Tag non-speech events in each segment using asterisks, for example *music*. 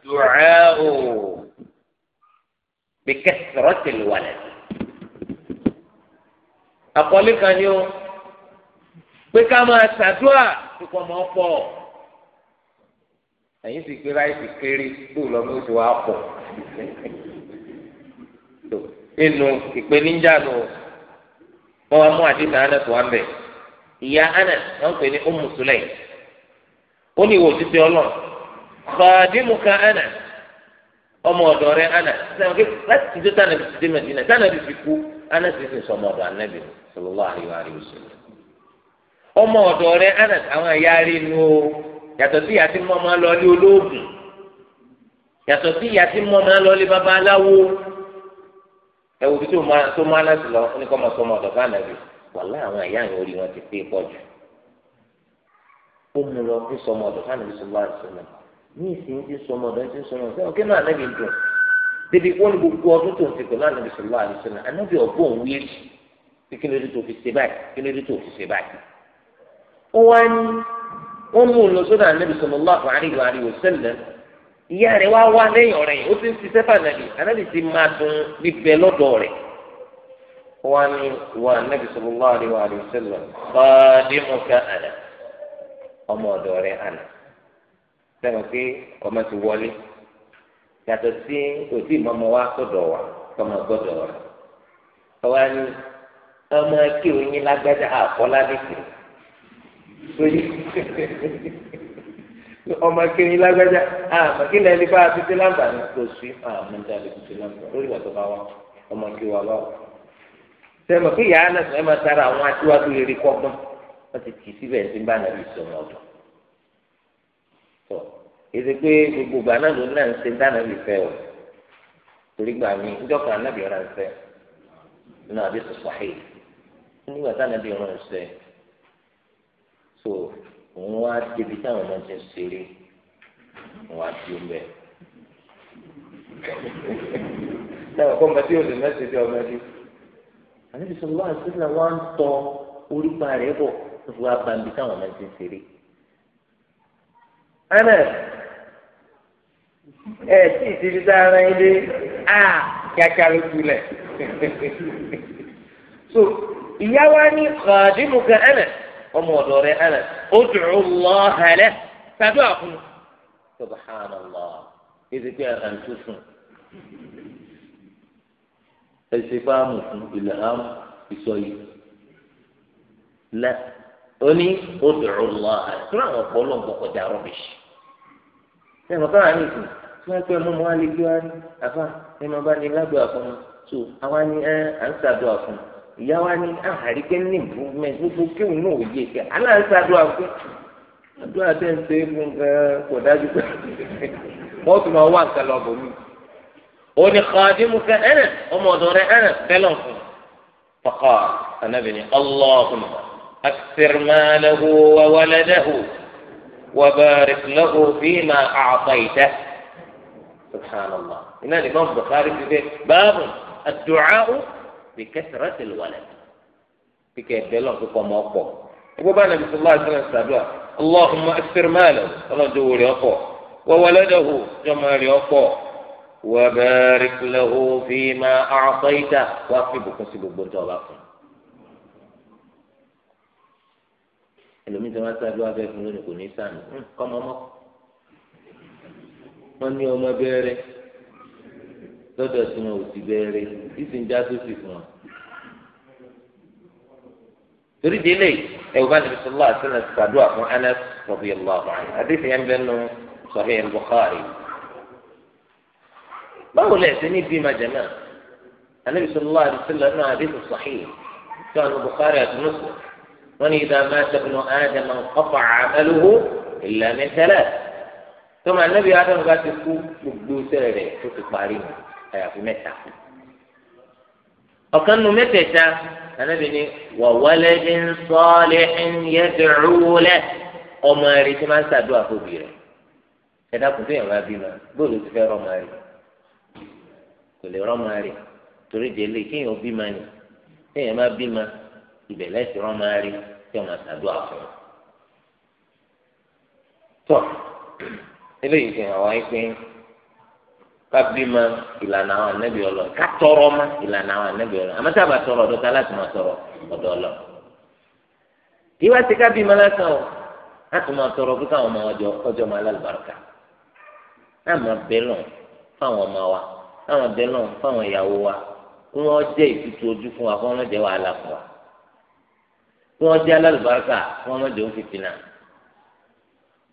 الدعاء بكثرة الولد أقول لك اليوم بكما تدعى تكون أفضل ẹ̀yin sì pé ráìsì kéré tó lọ́mọ oṣù wa pọ̀ nínú ìpèníjà nù wọn wá mú àdínà anas wá bẹ̀ ìyá anas wọn pè ní Ummu Sulaym ó ní ìwò òtítọ́ ọlọ́run khadimuka ana ọmọ ọ̀dọ̀ rẹ̀ ana sẹ́wọ̀n kí láti tó tànà bí ti dé mẹ́tìnà tànà bí ti kú ana sì ti sọ ọmọ ọ̀dọ̀ anabi sallallahu alaihi wa alihi wasallam ọmọ ọ̀dọ̀ rẹ̀ ana àwọn ayáre nu o yàtọ̀ sí ìyá tí mo máa lọ lé olóògùn yàtọ̀ sí ìyá tí mo máa lọ lé babaláwo ẹ wo bí tó máa tó máa láti lọ ní kọ́ máa sọ ọmọ ọ̀dọ̀ fún anabi wàlá àwọn àyà yẹn orí wọn ti pé pọ̀ jù ó mu lọ fún sọmọ ọ̀dọ̀ fún anabi sallallahu alaihi wasallam ní ìsìn ti sọmọ ọdọ ti sọmọ ọdọ ọkẹ náà ànábì ń dùn débi wọn ni gbogbo ọdún tó ń ti pẹ̀lú ànábì sọlọ àdìsọlọ ànábì ọgbọ òun wí èsì pé kí ló dé tó fi ṣe báyìí kí ló dé tó fi ṣe báyìí. ó wá ní wọn mú un lọ sọ́dọ̀ ànábì sọlọ lọàfọ àríwá àríwá sẹlẹ ìyá rẹ̀ wá wá lẹ́yìn ọ̀rẹ́ yìí ó ti ń ṣiṣẹ́ fànàbì ànábì ti máa dùn bíbẹ lọ́dọ̀ rẹ̀ ó wá ní ìwà ànábì sọlọ lọàríwá àríwá sẹlẹ sẹ́wọ̀n pé ọmọ ti wọlé yàtọ̀ sí òtí ìmọ̀mọ́ wa sọ̀dọ̀ wa ọmọ gbọ́dọ̀ wa ọwọ́ ni ọmọ kí oyin lágbájá àkọ́lá nìkan *laughs* sóyè ọmọ kí oyin lágbájá àmọ́ kí lẹ́ni bá a fi ti lámbà ní kò sí àmọ́ ní alẹ́ fi ti lámbà lórí ìgbà tó bá wa ọmọ kí wa bá wa sẹ́wọ̀n pé yàrá náà sọ̀rọ̀ ẹ̀ máa tara àwọn aṣíwájú rere kọ́gbọ́n wọ́n ti kì í síbẹ̀ ẹ̀ ti ń bá nàbì sọ̀rọ̀ ọ̀dọ̀ tọ èdè pé gbogbo ìgbà náà ló náà ń ṣe dáná lè fẹ o torí gbà mí ńjọkàn anábì ọ̀rọ̀ ń fẹ nínú sọ̀sọ̀ àyè nígbà táwọn anábì ọ̀rọ̀ ń fẹ so òun wá débi táwọn ọmọ ti ń ṣeré òun á di omi ẹ táwọn kọ́ ọmọdé ò lè mẹ́sẹ̀ bí ọmọdé àníbi sọ̀rọ̀ wá sílẹ̀ wá ń tọ orí pa rẹ̀ bọ̀ wá bambi táwọn ọmọ ti ń ṣeré. ana ẹ tí ìdíbi tá a rán yín dé a kíákíá ló so ìyá ní kan ana ọmọ ana ó tó sùn ẹ ṣe fún ó ṣé ìmọ̀ káwọn àmì ìsìn tí wọ́n pẹ́ mọ́ mọ́ wá lé gbé wá ní àfa ẹ máa bá ní lágbèé àfọ̀n tó àwa ní ẹ à ń ṣàdúrà fún ìyá wa ní àhàrí ah, pé ní improvement gbogbo kéwù náà ò yé kẹ àná ń ṣàdúrà fún àdúrà tẹ̀ ń ṣe é fún kò dájú pé *laughs* wọ́n fi máa wá nǹkan lọ bò ó ní xaadimu fẹ́ ẹ̀nà ọmọ ọ̀dọ̀ rẹ̀ ẹ̀nà fẹ́lọ̀ fún fọkàn anábìnrin وبارك له فيما أعطيته سبحان الله هنا الإمام البخاري في باب الدعاء بكثرة الولد بكيف يلون في قوم أقوى وبابا النبي صلى الله عليه وسلم اللهم أكثر ماله الله جوري أقوى وولده جمال أقوى وبارك له فيما أعطيته وأقبك سبب الله ẹlòmí tí wọn sábẹ wàá bẹ fún lónìí kò ní sàmì kọmọmọ wọn ní ọmọ bẹẹrẹ lọdọ tí wọn ò ti sàdúrà beere titi n ja to si fun won tori dele won ba nibi sola ati sena ti sadura fun Anas radiyallahu anhu àdéhùn yẹn bẹ́ẹ̀ nù Sahih al-Bukhari báwo lẹ ṣe ní bímọ jẹmọ anabi àdéhùn alaihi wasallam náà hadith sahih tí wọn bukhari àti mùsùlùmí. wọn ní ìdá máa tẹkùnú ádámà kọfà àmàlùhù ìlànà tẹlẹ tó máa nẹbi ádámù bá ti kú gbogbo sẹrẹ rẹ tó ti parí ni àyàfi mẹ́ta ọ̀kan nu mẹ́tẹ̀ẹ̀ta anabi ni wà wálẹ́dí ń sọ́ọ́lẹ́ ń yẹ dùrúwúlẹ̀ ọmọ rẹ ti máa ń ṣàdúrà fòbí rẹ ẹ̀dá kùn tó yàn máa bí ma bóòlù ti fẹ́ rọ́ọ̀mà rẹ kò lè rọ́ọ̀mà rẹ torí délé kéèyàn bí ma ni kéèyàn máa bí ma ibẹ̀ lẹ́sìn rán máa rí tí ọmọ àtàdúrà fún un. tọ́ eléyìí fi hàn wáyé pé kábímọ ìlànà àwọn ànábì ọlọ ká tọrọ mọ ìlànà àwọn ànábì ọlọ àmọ́ sábà tọrọ ọ̀dọ̀ ta láti máa tọrọ ọ̀dọ̀ ọlọ kí wá ti kábímọ lásán o láti máa tọrọ fún káwọn ọmọ ọjọ́ ọjọ́ máa lálùbáríkà náà máa bẹ lọ fáwọn ọmọ wa náà máa bẹ lọ fáwọn ìyàwó wa kí wọn jẹ ìtutù ojú fún wa kí wọn jẹ wàhálà fún wa kí wọ́n jẹ́ alálùbáríkà kí wọ́n má jẹ́ òun fìtínà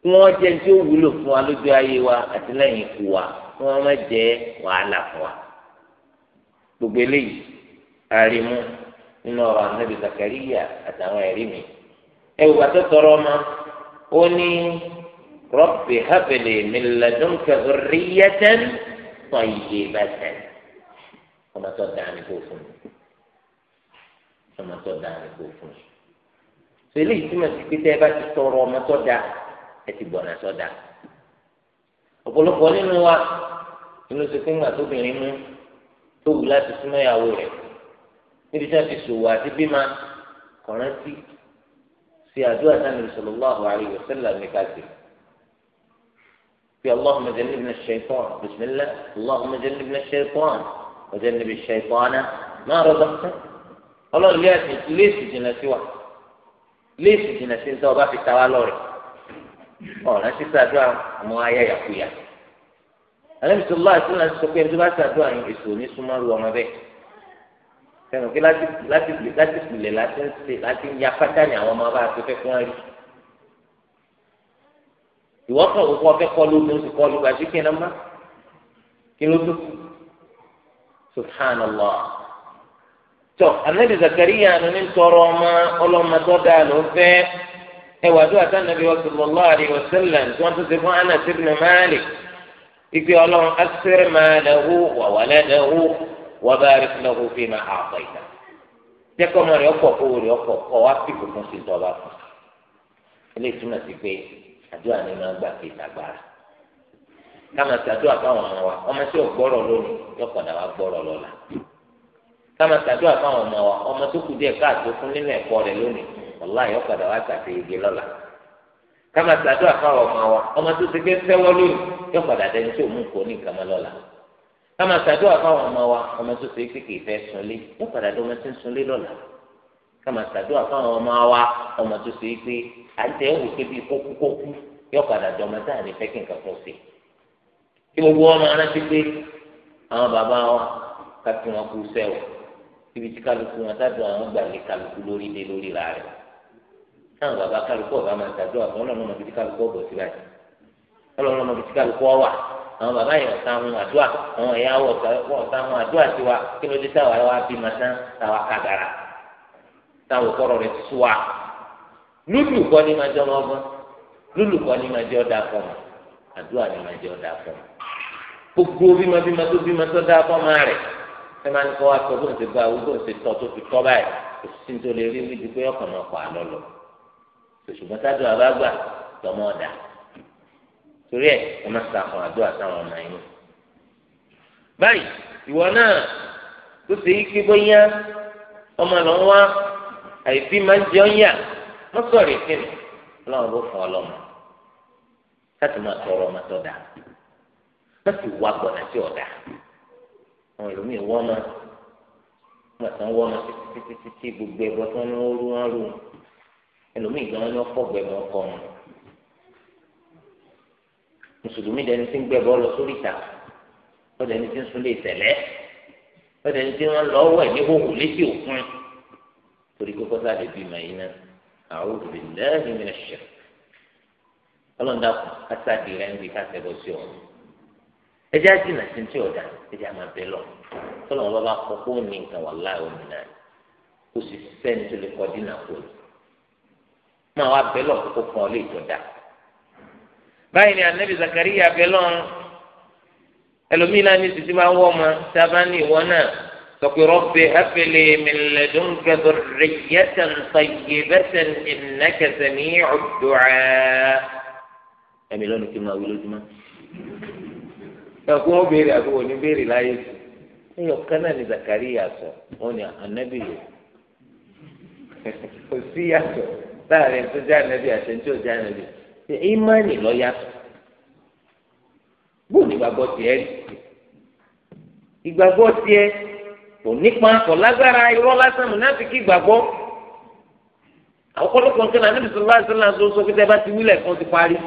kí wọ́n jẹ́ tí ó wúlò fún wa lójú ayé wa àti lẹ́yìn ikú wa kí wọ́n má jẹ́ wàhálà fún wa gbogbo eléyìí àrímú nínú ọ̀rọ̀ anábì zakariya àtàwọn ẹ̀rí mi ẹ wò bàtà tọrọ ọmọ ó ní rọpì hábìlì mílẹdúnkẹ ríyẹtẹn tọ iye bẹtẹ ọmọ tó dáa ní kó fún mi ọmọ tó dáa ní kó fún mi pẹ̀lú ìtumọ̀ sí pé tẹ́ ẹ bá ti tọrọ ọmọ tó da ẹ ti gbọ̀nà tó da ọ̀pọ̀lọpọ̀ nínú wa inú ti pé ńgbà tóbìnrin mú tó wù láti súnmọ́ ìyàwó rẹ̀ níbi tí wọ́n ti ṣòwò àti bímọ kọ̀rántí sí àdúrà sani sallallahu alaihi wasallam nìkan sí في اللهم جنبنا الشيطان بسم الله اللهم جنبنا الشيطان وجنب الشيطان ما رزقتنا الله ليس ليس جنة واحد léèsì jìnnà sí ní sọ ọba fi ta wá lọ rẹ ọ̀ràn sí sàdúrà ọmọ ayé yàkuyà alẹ́mísọ lọ́wọ́ àti ìlànà sọ pé ẹni tó bá sàdúrà yín èso ní súnmọ́rù ọmọ bẹ́ẹ̀ sẹ́nu pé láti láti láti pìlẹ̀ láti ń ṣe láti ń ya pátá ní àwọn ọmọ bá a tó fẹ́ fún wọn rí ìwọ kan òkú ọfẹ́ kọ́ ló ló ti kọ́ ló gbàdúrà kí ni ọmọ kí ló tó subhanallah tọ anabi zakariya ni tọrọ ọmọ ọlọmọdọ dáa ló fẹ́ ẹ wàá dúró àtàwọn anabi sallallahu alaihi wasallam tí wọn tún ti fún anas ibn malik ikpe Ọlọ́run asẹrẹ máa lẹhu wà wà lẹhu wà bá rẹ lẹhu fi máa àpọ ìta jẹkọ ọmọ rẹ ọkọ owó rẹ ọkọ kọ wá fi sí ìjọba fún ilé ìtumọ̀ sí pé àdúrà ni máa gbà kí ìtagbára káma àdúrà fáwọn ọmọ wa ọmọ tí ò gbọ́rọ̀ lónìí yóò padà wá gbọ́rọ̀ lọ́la káma ṣàdúrà fáwọn ọmọ wa ọmọ tó kù díẹ̀ káàtó fún nínú ẹ̀kọ́ rẹ̀ lónìí wàláhì ọ̀padà wá ṣàṣe igi lọ́la káma ṣàdúrà fáwọn ọmọ wa ọmọ tó ti fẹ́ fẹ́wọ́ lónìí yóò padà dẹni tó mú kó ní ìkàmọ́ lọ́la káma ṣàdúrà fáwọn ọmọ wa ọmọ tó ti fi kìí fẹ́ sunlé yóò padà dọ́mọ tó ń sunlé lọ́la káma ṣàdúrà fáwọn ọmọ wa ọmọ tó ti fi àtẹ̀wò kébi kókúkókú yóò padà dọ́mọ ibi tí kálukú wọn sádùn àwọn gbàlè kálukú lórí dé lórí ra rẹ táwọn bàbá kálukú ọba máa sàdúrà fún ọlọ́run ọmọ ibi tí kálukú ọbọ sí báyìí ọlọ́run ọmọ ibi tí kálukú ọwà àwọn bàbá yẹn ọ̀sán àwọn àdúrà àwọn ẹ̀yà ọ̀sán àwọn àdúrà tiwa kí ló dé táwa wá bí màtán táwa kàgàrà táwọn kọ́rọ̀ rẹ ti sú wa lúlù kọ́ ni máa jẹ́ ọmọ ọgbọ́n lúlù kọ́ ni máa jẹ́ ọ̀dà ọ ni máa jẹ́ ọ̀dà ṣé máa ń kọ́ aṣọ bó ń ṣe gba owó bó ń ṣe tọ́ tó fi tọ́ báyìí kò sí tó lè rí wíjú pé ọkàn náà pa àlọ́ lọ ṣùgbọ́n sáájú àbágbà tọmọ ọ̀dà torí ẹ ẹ má sàkùn àdúrà sáwọn ọmọ yín báyìí ìwọ náà tó ṣe é kí bóyá ọmọ lọ wá àìbí máa ń jẹ ọ́ yà wọ́n sọ̀rọ̀ ìfìnnì ọlọ́run ló fún ọlọ́mọ láti máa tọrọ ọmọ tó dáa wá gbọ̀nà sí ọ̀dà àwọn ẹlòmíì wọ́n ma nígbà tí wọ́n wọ́n ma títí títí gbogbo ẹ̀bọ tí wọ́n ní wọ́n rú wọn rú ẹlòmíì gan wọn ni wọ́n fọ́ gbẹ̀bọ ọkọ wọn mùsùlùmí dẹni tí ń gbẹ̀bọ lọ sórí ìta wọ́n dẹni tí ń sunlé ìtẹ̀lẹ́ wọ́n dẹni tí wọ́n lọ́ wẹ̀ ní hóhù létí òkun torí kókó sáà lè bí náà àwọn òbí mi ṣe ọlọ́ndàkùn kásá di rẹ̀ ń bi kásẹ̀ bọ́ sí ọ̀hún ẹjẹ àjìnà sí ti ọ̀dà ẹjẹ àmà bẹ lọ tọ́lọ̀ wọn bá bá kọ́ kó ní nǹkan wà láì omi náà kó sì sẹ́ni tó lè kọ́ dínà kó lè mọ àwọn abẹ lọ kó fún ọ lè tọ́da báyìí ni anabi Zakariya abẹ lọ ẹlòmíì náà ní títí máa ń wọ́ ọmọ tí a bá ní ìwọ náà sọ pé rọ́bì hafẹ́lẹ́ mẹlẹ́dún gẹ́gẹ́rẹ́ yẹtẹ̀n tàyè bẹ́tẹ̀n ìnákẹ́sẹ̀ ní ọ̀dọ́ ẹ̀mí lónìí kí n máa wí lójúmọ́ ẹkún ó béèrè àbí òní béèrè láyé sí ẹyọ kánà ní Zakariya sọ wọn ni anabi yẹ kò sí yàtọ̀ láàrin tó jẹ anabi àti tó jẹ anabi ìmánì lọ yàtọ̀ bóun ìgbàgbọ́ tiẹ̀ ìgbàgbọ́ tiẹ̀ kò nípa kò lágbára irọ́ lásán mùnáfíkì gbàgbọ́ àkọlọpọ nǹkan náà níbi sọlá sọlá tó sọ pé tẹ bá ti wílẹ̀ kan ti parí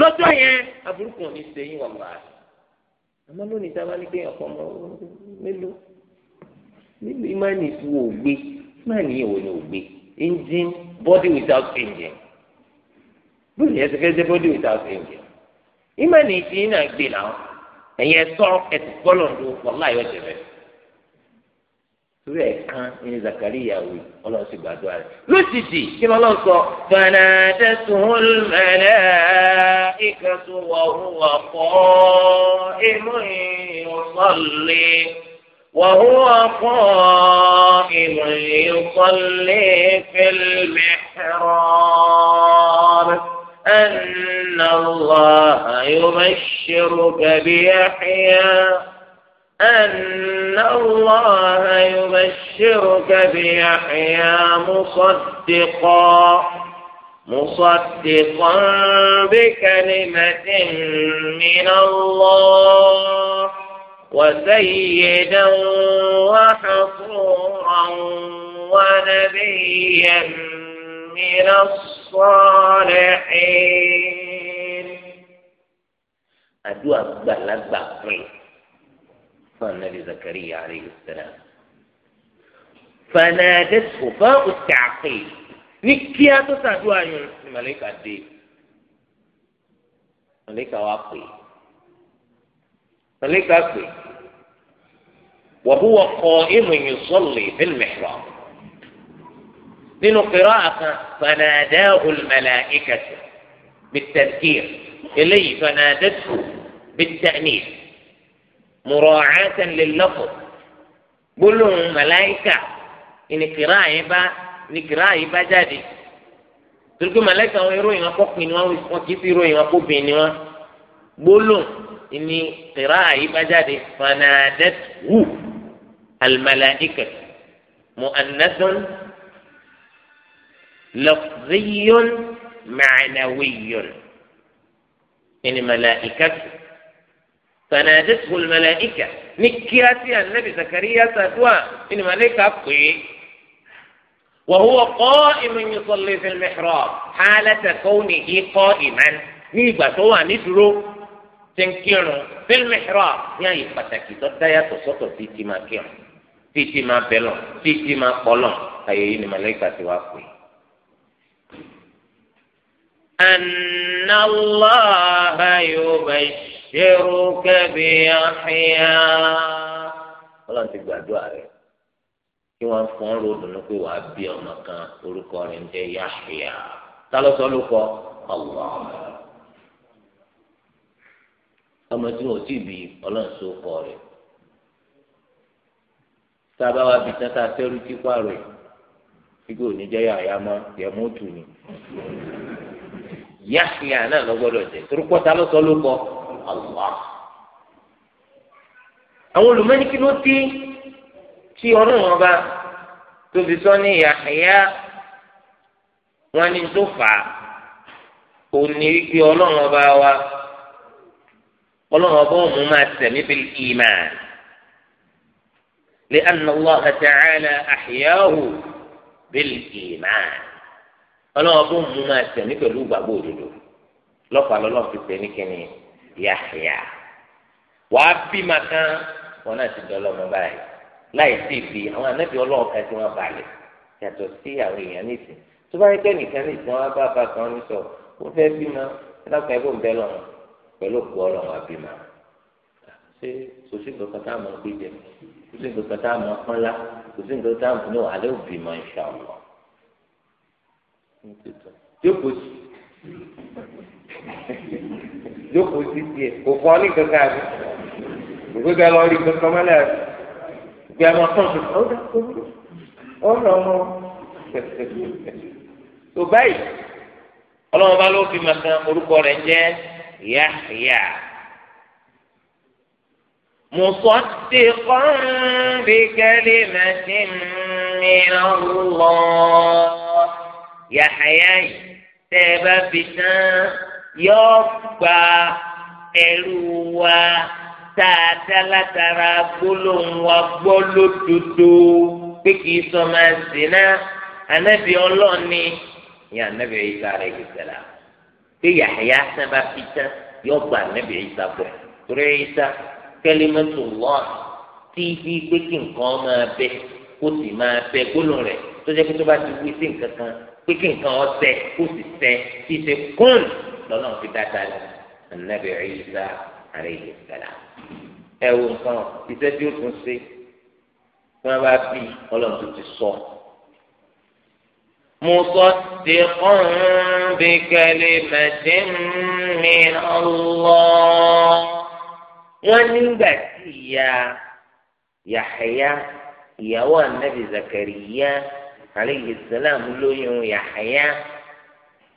lọ́jọ́ yẹn aburú kan ní sẹ́yìn wà wá àmọ́ lónìí tá a bá ní kéèyàn kọ́ ọmọ mélòó mélòó ìmánì tí wò ó gbé ni ò engine body without engine bóyá yẹn ti body without engine ìmánì tí yín náà gbé làwọn ẹ̀yẹ sọ ẹ̀ lọ́dún wọ́n láyọ̀ torí ẹ kan ní Zakariya wí Ọlọ́run sì gbàdúrà rẹ lójijì kí lọ sọ. lọsọ fanadatuhul malaikatu wa huwa qa'imun yusalli wa huwa qa'imun yusalli fil mihrab anna Allaha yubashshiruka bi Yahya. أن الله يبشرك بيحيى مصدقا مصدقا بكلمة من الله وسيدا وحصورا ونبيا من الصالحين أدوى بلد بقيت صار النبي زكريا عليه السلام فنادته فاء التعقيل نكيا تسعدوا أن ملك الدين ملك واقي ملك واقي وهو قائم يصلي في المحراب لنقراءة فناداه الملائكة بالتذكير إليه فنادته بالتأنيث mùrọ̀ọ́ẹ́sẹ̀ lè lọ́pọ̀ gbólóhùn màláìkà ìnìkìrá yẹn bá ìnìkìrá yìí bá jáde torípé màláìkà wọn ìròyìn wọn kọkùnrin wọn wọn kì í sí ìròyìn wọn kóbìnrin wọn gbólóhùn ìnìkìrá yìí bá jáde fanadet wù alimalaika mu'annathun lafziyun ma'nawiyun ìnìmàláìkà tù. فنادته الملائكة نكياتي النبي زكريا سادوا إن ملك قي وهو قائم يصلي في المحراب حالة كونه قائما نيبا توا ندرو تنكيرو في المحراب يعني فتاكي تدايا تصوتو في تما كيرو في تما بلون في تما قلون أي إن ملائكة توا قي أن الله يبشرك بيحيى Ọlọ́run ti gbàdúrà rẹ̀ kí wọ́n fún ọrọ dùnú pé wàá bí ọmọ kan orúkọ rẹ̀ ń jẹ́ Yahya ta ló sọ lórúkọ Allah ọmọ tí wọn ò tíì bí Ọlọ́run sọ kọ rẹ̀ tá a bá wá bí tán tá a tẹrù tí pààrọ̀ yìí kí kò ní jẹ́ Yahya mọ́ yẹmú tù ní. Yahya náà lọ gbọ́dọ̀ jẹ torúkọ ta ló sọ ló kọ Allah àwọn olùmọ́nìkì ló dé tí ọlọ́run ọba tó fi sọ ní Yahya wọn ni tó fà á òní wípé ọlọ́run ọba wa ọlọ́run ọba òun máa tẹ̀lé bí ìmáà lẹ́yìn anáwó àtàrà àhìyáwó bí ìmáà ọlọ́wọ́n bó mú máa tẹ̀ ní pẹ̀lú ìgbàgbọ́ òdodo lọ́pàá lọ́lọ́run fi pè ní kíni Yahya wàá bí màkà wọn náà ti dọ́ lọ́mọ báyìí láì sí ibi àwọn anábì ọlọ́run kan tí wọ́n balẹ̀ yàtọ̀ sí àwọn èèyàn nìsín tó bá rí pé nìkan nìsín wọn bá bá kan ní sọ wọn fẹ́ bímọ ẹlọ́pàá ẹgbẹ́ òun bẹ́ lọ́run pẹ̀lú òkú ọlọ́run àbímọ ṣé sòsì nǹkan nǹkan tá a máa pọ́nlá jókòó sí jókòó sí tiẹ̀ kò fọ́ ní kankan àbí òkú bẹ́ẹ̀ lọ rí kankan mọ́lẹ̀ àbí ìgbé àwọn kan tó ọ̀ dà kó ọ̀ nà ọmọ tó báyìí ọlọ́run bá ló fi máa kan orúkọ rẹ̀ ń jẹ́ Yahya. مصدقا بكلمة من الله yàhàyà yìí tẹ́ ẹ bá fi tán yóò gba ẹrú wa tá a dá látara gbólóhùn wa gbọ́ lódodo pé kì í sọ máa sìn náà anabi ọlọ́ọ̀ni ni anabi Isa rẹ̀ gbèsèlà pé yàhàyà tẹ́ bá fi tán yóò gba anabi Isa gbọ́ torí Isa kẹ́límẹ́tò wọ́ọ̀nù tí ibi pé kí nǹkan máa bẹ kó sì máa bẹ gbólóhùn rẹ̀ tó jẹ́ pé tó bá ti wí sí nǹkan kan pé kí nǹkan ọsẹ kó sì sẹ kí ṣe kún lọ́nà fi dáadáa lọ ànábì Ìsá alayhi salam ẹ wo nǹkan iṣẹ́ tí ó tún ṣe tí wọ́n bá bí ọlọ́run tó ti sọ. مصدقا بكلمة من الله ونبا يا يحيى يا النبي زكريا aleyhi salam lóyún yàhàyà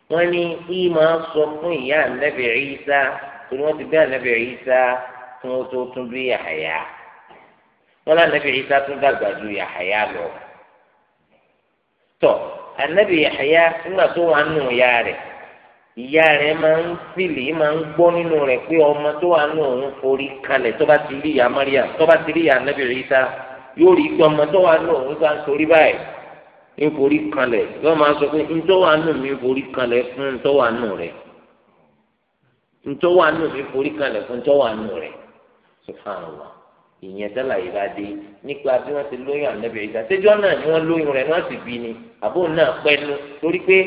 wọn ní ìmọ̀ sọ fún ìyá ànábì Ìsá torí wọn ti bí ànábì Ìsá tún ó tó tún bí yàhàyà wọn lọ ànábì Ìsá tún dàgbà ju yàhàyà lọ tọ ànábì yàhàyà nígbà tó wà nù ya rẹ ìyá rẹ máa ń fìlì máa ń gbọ́ nínú rẹ pé ọmọ tó wà nù òun forí kalẹ̀ tó bá ti rí ìyá Maria tó bá ti rí ìyá ànábì Ìsá yóò rí pé tó wà nù òun sá nforí kanlẹ̀ yóò máa sọ pé ntọ́wà nù mí nforí kanlẹ̀ fún ntọ́wà nù rẹ̀ ntọ́wà nù mí nforí kanlẹ̀ fún ntọ́wà rẹ̀ subhanallah ìyẹn sẹ́là yìí bá dé nípa bí wọ́n ti lóyún ànábì Ìsá séjọ́ náà ni wọ́n lóyún rẹ̀ wọ́n sì bí ni àbó náà pẹ́nu torí pé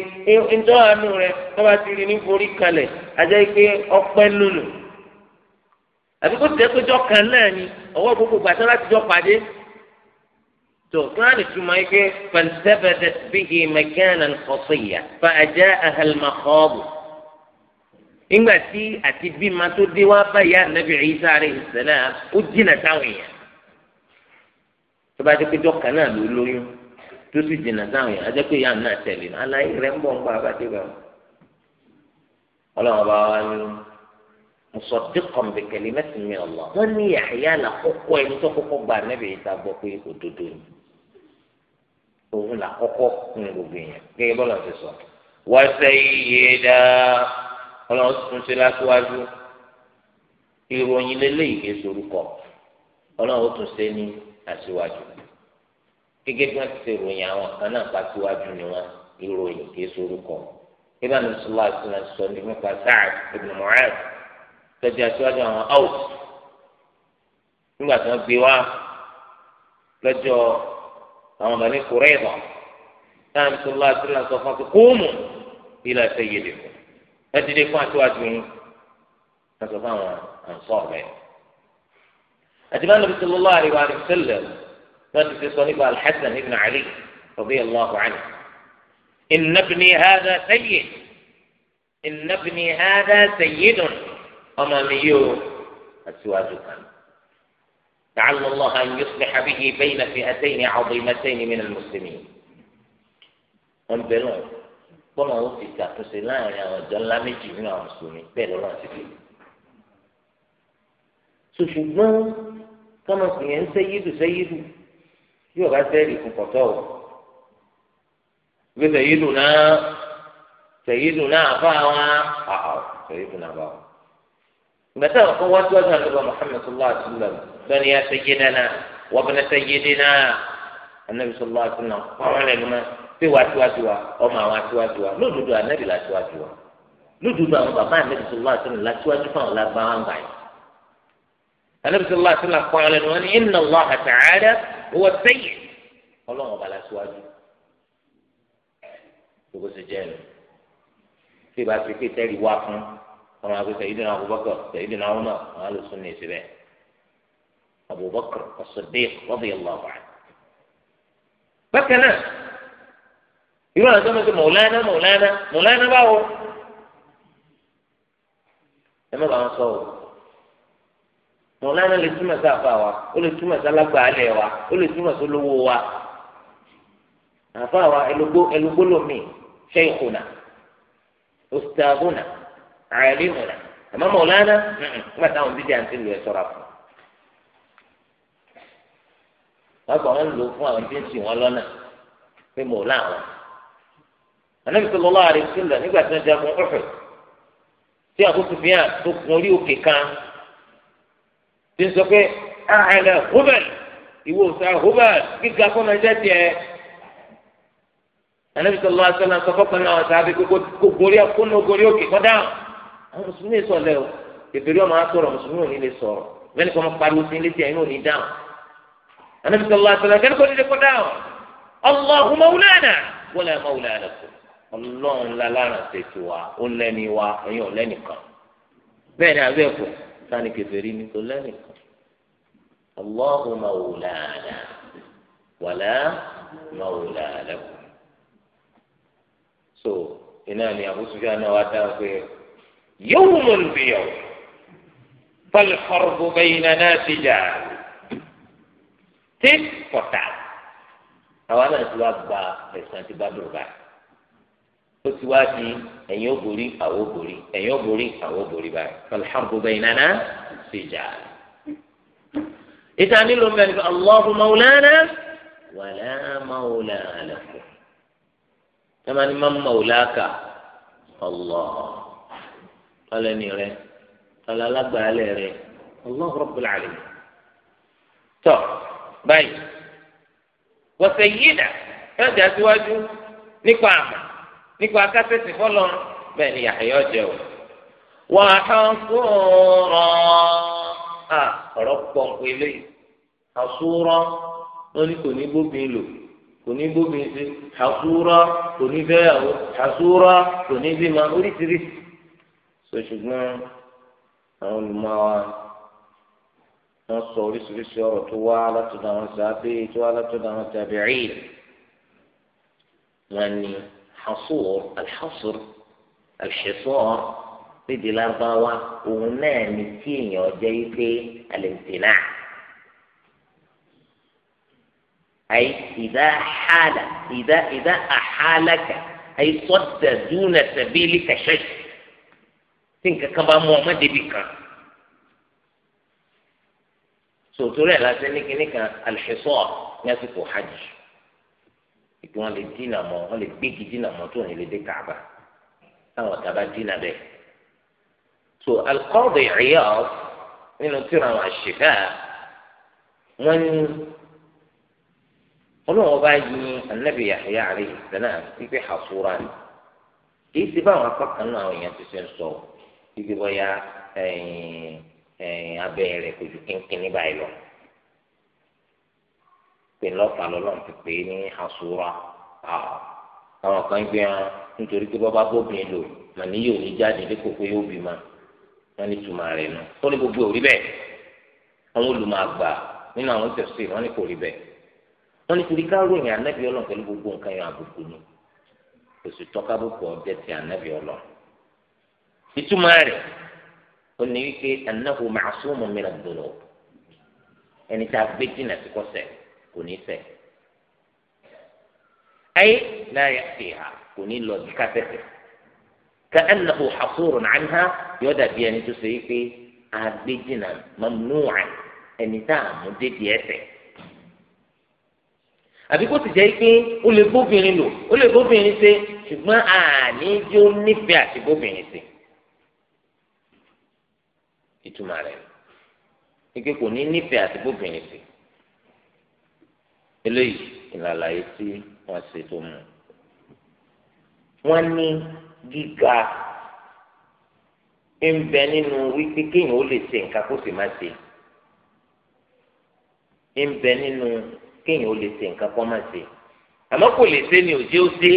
ntọ́wà nù rẹ̀ wọ́n bá ti rí ní nforí kanlẹ̀ ajẹ́ pé ọpẹ́ lónìí àbí tẹ́ péjọ kan náà ni ọwọ́ gbogbo gbàtà láti jọ تغطان السمايك فانتبذت به مكانا خصية فأجاءها المخاض إنما تي أتي ما تدي يا نبي عيسى عليه السلام أجينا سويا تبعت كتو كنا لولو تسي جنا تاوية أجاك يا الناس تلين أنا يرمبون بابا تبعو ولا أبا مصدقا بكلمة من الله من يحيى لحقوة وإن تحقوق بار نبي عيسى بوكي قدودوني òun là kọ́kọ́ nínú gbogbo èèyàn gẹ́gẹ́ bọ́lá ti sọ. wọ́n ṣe iye dáa ọlọ́run tuntun ṣe láṣíwájú ìròyìn lélẹ́yìí kìí sorúkọ ọlọ́run tún ṣe ní aṣíwájú gẹ́gẹ́ bí wọ́n ti ṣe ròyìn àwọn kan náà síwájú ni wọ́n ìròyìn sorúkọ sọ ní nípa àwọn ní bàní kúrẹ́ẹ̀dọ̀ náà ní sọlá àtúrà sọ fún akókò kóòmù ilà sẹ́yìn lè fún ẹ ti dé fún àtiwájú ń náà sọ fún àwọn àǹsọ̀ rẹ̀. àtibá nàbí sọlọ́lá àríwá rẹ̀ sẹ́lẹ̀ náà ti fi sọ nípa alḥasan ibn ali rọ̀bí allahu anhu. إن hada هذا سيد إن ابني هذا سيد أمامي أسواجك kan. لعل الله أن يصلح به بين فئتين عظيمتين من المسلمين والبنون bọ́lá ó fi ṣàtúnṣe láàrin àwọn ìjọ ńlá méjì nínú àwọn mùsùlùmí bẹ́ẹ̀ lọ́wọ́ àti fi. ṣùṣùgbọ́n kọ́mọ̀sì yẹn ń ṣẹ́yídù ṣẹ́yídù yóò bá sẹ́ẹ̀lì kùkọ̀tọ̀ o. ìgbésẹ̀ yídù náà ṣẹ̀yídù náà fáwọn àhàw ṣẹ̀yídù náà báwọn gbẹ̀tẹ́ àwọn kan wá síwájú àdúgbò muhammed sallallahu alayhi wa sallam lọ́ni ya sayyidana wa ibn sayyidina anabi sallallahu alayhi wa sallam kọ́rọ́ lẹ́nu mọ́ pé wá síwájú wa ọmọ àwọn síwájú wa lódodo anabi la síwájú wa lódodo àwọn bàbá anabi sallallahu alayhi wa sallam la síwájú fáwọn lágbára ń báyìí. anabi sallallahu alayhi wa sallam kọ́rọ́ lẹ́nu ni inna allaha ta'ala huwa sayyid ọlọ́run ọba la síwájú gbogbo jẹ́ ẹ̀ lọ. bí ìbá fi kékeré wá fún àwọn àgbẹ̀ sẹ̀yìdìnà abubakar sẹ̀yìdìnà umar àwọn alùsùn ní ìsìlẹ̀ abubakar as-siddiq radiyallahu anhu. bákan náà irú àwọn sọ́mọ́ sí mọ̀láná mọ̀láná mọ̀láná báwo ẹ má bàa sọ o mọ̀láná lè túmọ̀ sí àfa wa ó lè túmọ̀ sí alágbàálẹ̀ wa ó lè túmọ̀ sí olówó wa àfa wa ẹlògbó ẹlògbó lomi ṣẹ́yìn kùnà ọ̀sítàbùnà. alimuna àmọ́ mọ̀lánà nígbà táwọn bídìí àti ìlú ẹ̀ sọ̀rọ̀ fún wọn gbà wọn lò fún àwọn tí ń sìn wọn na pé mọ̀lá àwọn anabi sallallahu alaihi wasallam nígbà tí wọn jagun Uhud tí Abu Sufyan tó kun orí òkè kan tí ń sọ pé àhẹlẹ hubal ìwọ òsà hubal gíga kọ́ máa àwọn mùsùlùmí lè sọlẹ o bèbèrè ọmọ asọ̀rọ̀ mùsùlùmí ò ní lè sọ̀rọ̀ bẹ́ẹ̀ni kò mọ pariwo sí létí ẹ̀yin ò ní dáhùn anabi sọlá sọlá kẹ́ni kò ní lè kó dáhùn ọlọ́hun mawulana wọlé mawulana kù ọlọ́run lálára ṣètò wa ó lẹ́ni wa ẹ̀yin ò lẹ́nìkan bẹ́ẹ̀ni abẹ́ kù sani kẹfẹ́rí ni kò lẹ́nìkan ọlọ́hun mawulana wọlé mawulana kù so iná ni àbúṣúfíà náà wá يوم بيوم فالفرق بيننا تجار tit for tat àwọn náà ti wá gba ẹ̀sán ti bá dùn báyìí ó ti wá di ẹ̀yin ó borí àwọn ó borí ẹ̀yin ó borí àwọn ó borí báyìí فالحرب بيننا تجار ìta nílò mẹ́rin fún Allahu mawlana wala mawla lahu tẹ́lẹ̀ ní má mawlaka Allah ọlẹ́ni rẹ ọlẹ́ alágbàálẹ̀ rẹ Allahu Rabbul Alamin. tọ́ báyìí wọ́sẹ̀ yídà yóò jẹ́ síwájú nípa àmà nípa akásẹ̀sì fọlọ́ bẹ́ẹ̀ ni Yahya jẹ́ o. wà á hàn sóòrọ̀ à ọ̀rọ̀ pọ̀npọ̀ eléyìí àsúrọ̀ wọn ni kò ní bóbi lò kò ní bóbi sí àsúrọ̀ kò ní bẹ́yàwó àsúrọ̀ kò ní bímọ oríṣiríṣi. so ṣùgbọ́n àwọn olùmọ̀wá wọ́n sọ oríṣiríṣi ọ̀rọ̀ tó wá látọ̀dọ̀ àwọn sàbẹ̀ tó wá látọ̀dọ̀ àwọn tàbí'í wọ́n ní hasur alhasur alhisar níbi lárúbáwá òun náà ní tí èèyàn jẹ́ yí wípé alẹ́ǹtìnà أي ìdá حال إذا إذا أحالك أي صد دون سبيلك شيء tí nǹkan kan bá mú ọmọ débi kan sòtúrú ẹ̀ lásán ní kíní kan alìṣẹ́sọ́ ní àsìkò hajj ìpè wọn lè dínà mọ́ wọn lè gbégi dínà mọ́ tó ní lè dé kàbà táwọn ọ̀tá bá dínà bẹ́ẹ̀ so alqadi Iyad nínú tíra àwọn àṣìká wọn ní ọlọ́wọ́n bá yin anabi Yahya alayhi salam pípé hasura ni kì í ti bá àwọn apá kan náà àwọn èèyàn ti ṣe ń títí bóyá abẹ́ rẹ̀ kò ju kínkínní báyìí lọ pé lọ́ọ̀fà ti pè é ní àsúrà àwọn kan gbé wọn nítorí pé bọ́bá bóbin lò màní yóò ní jáde dé kókó yóò bí ma wọn ní tùmọ̀ rẹ̀ nù ó ní gbogbo òrí bẹ́ẹ̀ àwọn olùmọ̀ nínú àwọn tẹ̀sí wọn ní kò rí bẹ́ẹ̀ ní torí pẹ̀lú gbogbo nǹkan yẹn àbùkù ni bùkù ìtumọ̀ rẹ̀ ó ní wípé annahu ma'sumun min ad-dhunub ẹni tí a gbé jìnnà sí kọ́sẹ̀ kò ní ṣẹ̀ ayé la ya'tiha kò ní lọ bí kásẹ̀tẹ̀ ka'annahu hasurun 'anha yóò dàbí ẹni tó ṣe wípé a gbé jìnnà mamnu'an ẹni tá a mú débi ẹsẹ̀ àbí kó ti jẹ́ pé ó lè bóbìnrin lò ó lè bóbìnrin ṣe ṣùgbọ́n àní jó nífẹ̀ẹ́ àti bóbìnrin ṣe ìtumọ̀ rẹ̀ ike kò ní nífẹ̀ẹ́ àti bóbìnrin sí eléyìí ìlàlàyé tí wọ́n ṣe tó mú wọ́n ní gíga ń bẹ nínú wípé kéèyàn ó lè ṣe nǹkan kó sì má ṣe ń bẹ nínú kéèyàn ó lè ṣe nǹkan kó má ṣe àmọ́ kò lè ṣe ni òjé ó ṣe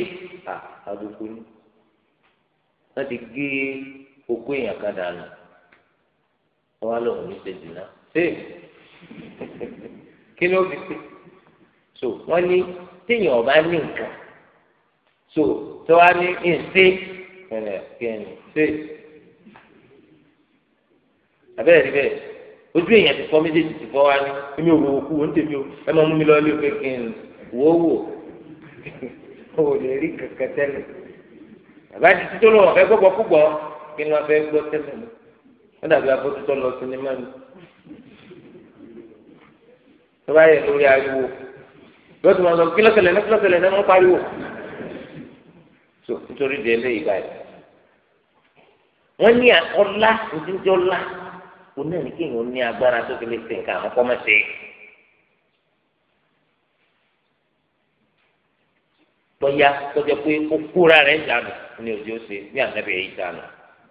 àdókò ni wọ́n ti gé okó èèyàn kan dànù wá lóun ní ṣèjì náà ṣé *laughs* kí ló fi pé so wọ́n ní téèyàn ọba ní nǹkan so tó wá ní ìṣe ẹnlẹ kẹni ṣe abẹ́rẹ́ rí bẹ́ẹ̀ ojú èèyàn ti fọ́ méjèèjì ti fọ́ wá ní èmi ò wò kú ó ń tèmi o ẹ máa mú mi lọ ilé pé kí n wò ó wò *laughs* ó lè rí kankan tẹ́lẹ̀ bàbá ti tó lọ́wọ́ fẹ́ gbọ́gbọ́ kúgbọ́ kí n lọ fẹ́ gbọ́ tẹ́lẹ̀ náà ó dàbí abótútọ lọ sinimá ni tó bá yẹ lórí ariwo yóò tún máa sọ kílọ̀kẹ̀lẹ̀ ní kílọ̀kẹ̀lẹ̀ ní wọ́n pariwo so nítorí di eléyìí báyìí wọ́n ní ọlá ojúndé ọlá oní ẹni kéèyàn ní agbára tó fi lè ṣe nǹkan àwọn kọ́mẹ́sì. tọ́yá tọ́jọ́ pé ó kóra rẹ̀ dànù ní òjò ṣe ní ànábìyẹ̀ yìí dànù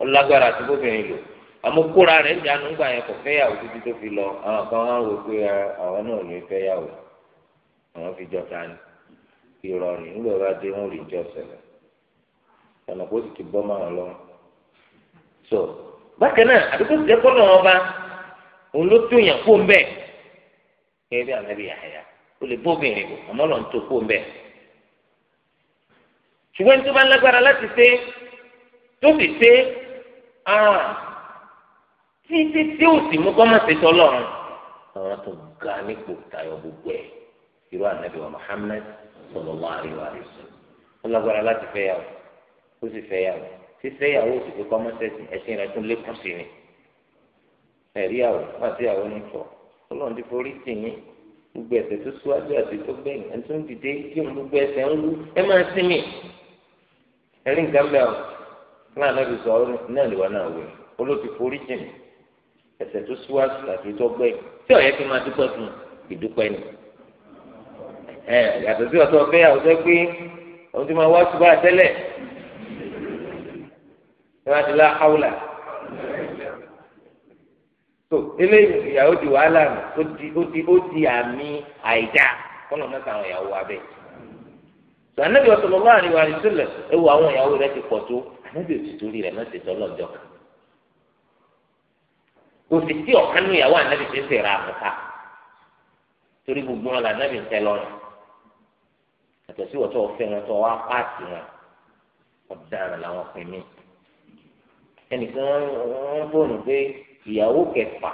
ọlágbára àti bóbìnrin lò àmukúra rẹ̀ jánu gbà yẹn kò fẹ́yàwó títí tó fi lọ àwọn kan wá wò pé ah, àwọn náà ló fẹ́yàwó àwọn fi jọ ta ni ìrọ̀rùn nígbà bá dé wọn rí jọ sẹlẹ̀ ọ̀nà kó sì ti bọ́ máa lọ. so bákan náà àdúgbò ti dẹ́kọ́ náà ọba òun ló tún yàn fóun bẹ́ẹ̀ kẹ́ẹ́ bí ànábì àyà ó lè bóbìnrin bò àmọ́ lọ́n tó fóun bẹ́ẹ̀. ṣùgbọ́n tó bá lágbára láti ṣe tó sì ṣe ah, títí tí ó sì mú kọ́mọ̀sí tọ́lọ́run àwọn tó ga nípò tayọ gbogbo ẹ̀ irú ànábì wa Muhammad sallallahu alaihi wa sallam ó lágbára láti fẹ́ yàwó ó sì fẹ́ yàwó fífẹ́ yàwó sì fi kọ́mọ̀sí ẹ̀sìn ẹ̀sìn rẹ̀ tún lékún sí ni ẹ̀rí yàwó pàṣẹ yàwó ní tọ́ ọlọ́run ti forí tì yín gbogbo ẹ̀ṣẹ̀ tó síwájú àti tó gbẹ̀yìn ẹni tó ń dìde kí n gbogbo ẹ̀ṣẹ̀ ń wú ẹ máa sinmi ẹ̀rí nǹkan bẹ́ẹ̀ o láàánú ẹ̀rí sọ náà lè wà náà wẹ̀ olóòtú forí jì mí ẹsẹ̀ tó síwájú tàbí tó gbẹ tí ọyẹ fi máa dúpẹ́ fún ìdúpẹ́ ni ẹ yàtọ̀ sí ọ̀tọ̀ ọ̀fẹ́ àwùjọ pé òun ti máa wá ṣùgbọ́n àtẹ́lẹ̀ ní wàá ti lá áwùlà tó eléyìí ìyàwó di wàhálà ó di ó di ó di àmì àìdá kọ́nà mẹ́ta àwọn ìyàwó wa bẹ́ẹ̀ tó anábìyọ̀ sọ̀rọ̀ láàrin wa ní sílẹ̀ ewu àwọn ìyàwó rẹ ti pọ̀ tó anábìyọ̀ ti torí rẹ̀ mẹ́tẹ̀ẹ̀tọ́ lọ́jọ́ kan kò sì sí ọ̀kan nínú ìyàwó ànábì tó ń sèrè àmúta torí gbogbo wọn làǹábì ń tẹ lọ́rùn àtọ̀ sí wọ́tọ̀ ọ̀fẹ́ wọn tó wá pààtì wọn ọ̀daràn làwọn pè mí ẹnìkan wọn fóònù pé ìyàwó kẹfà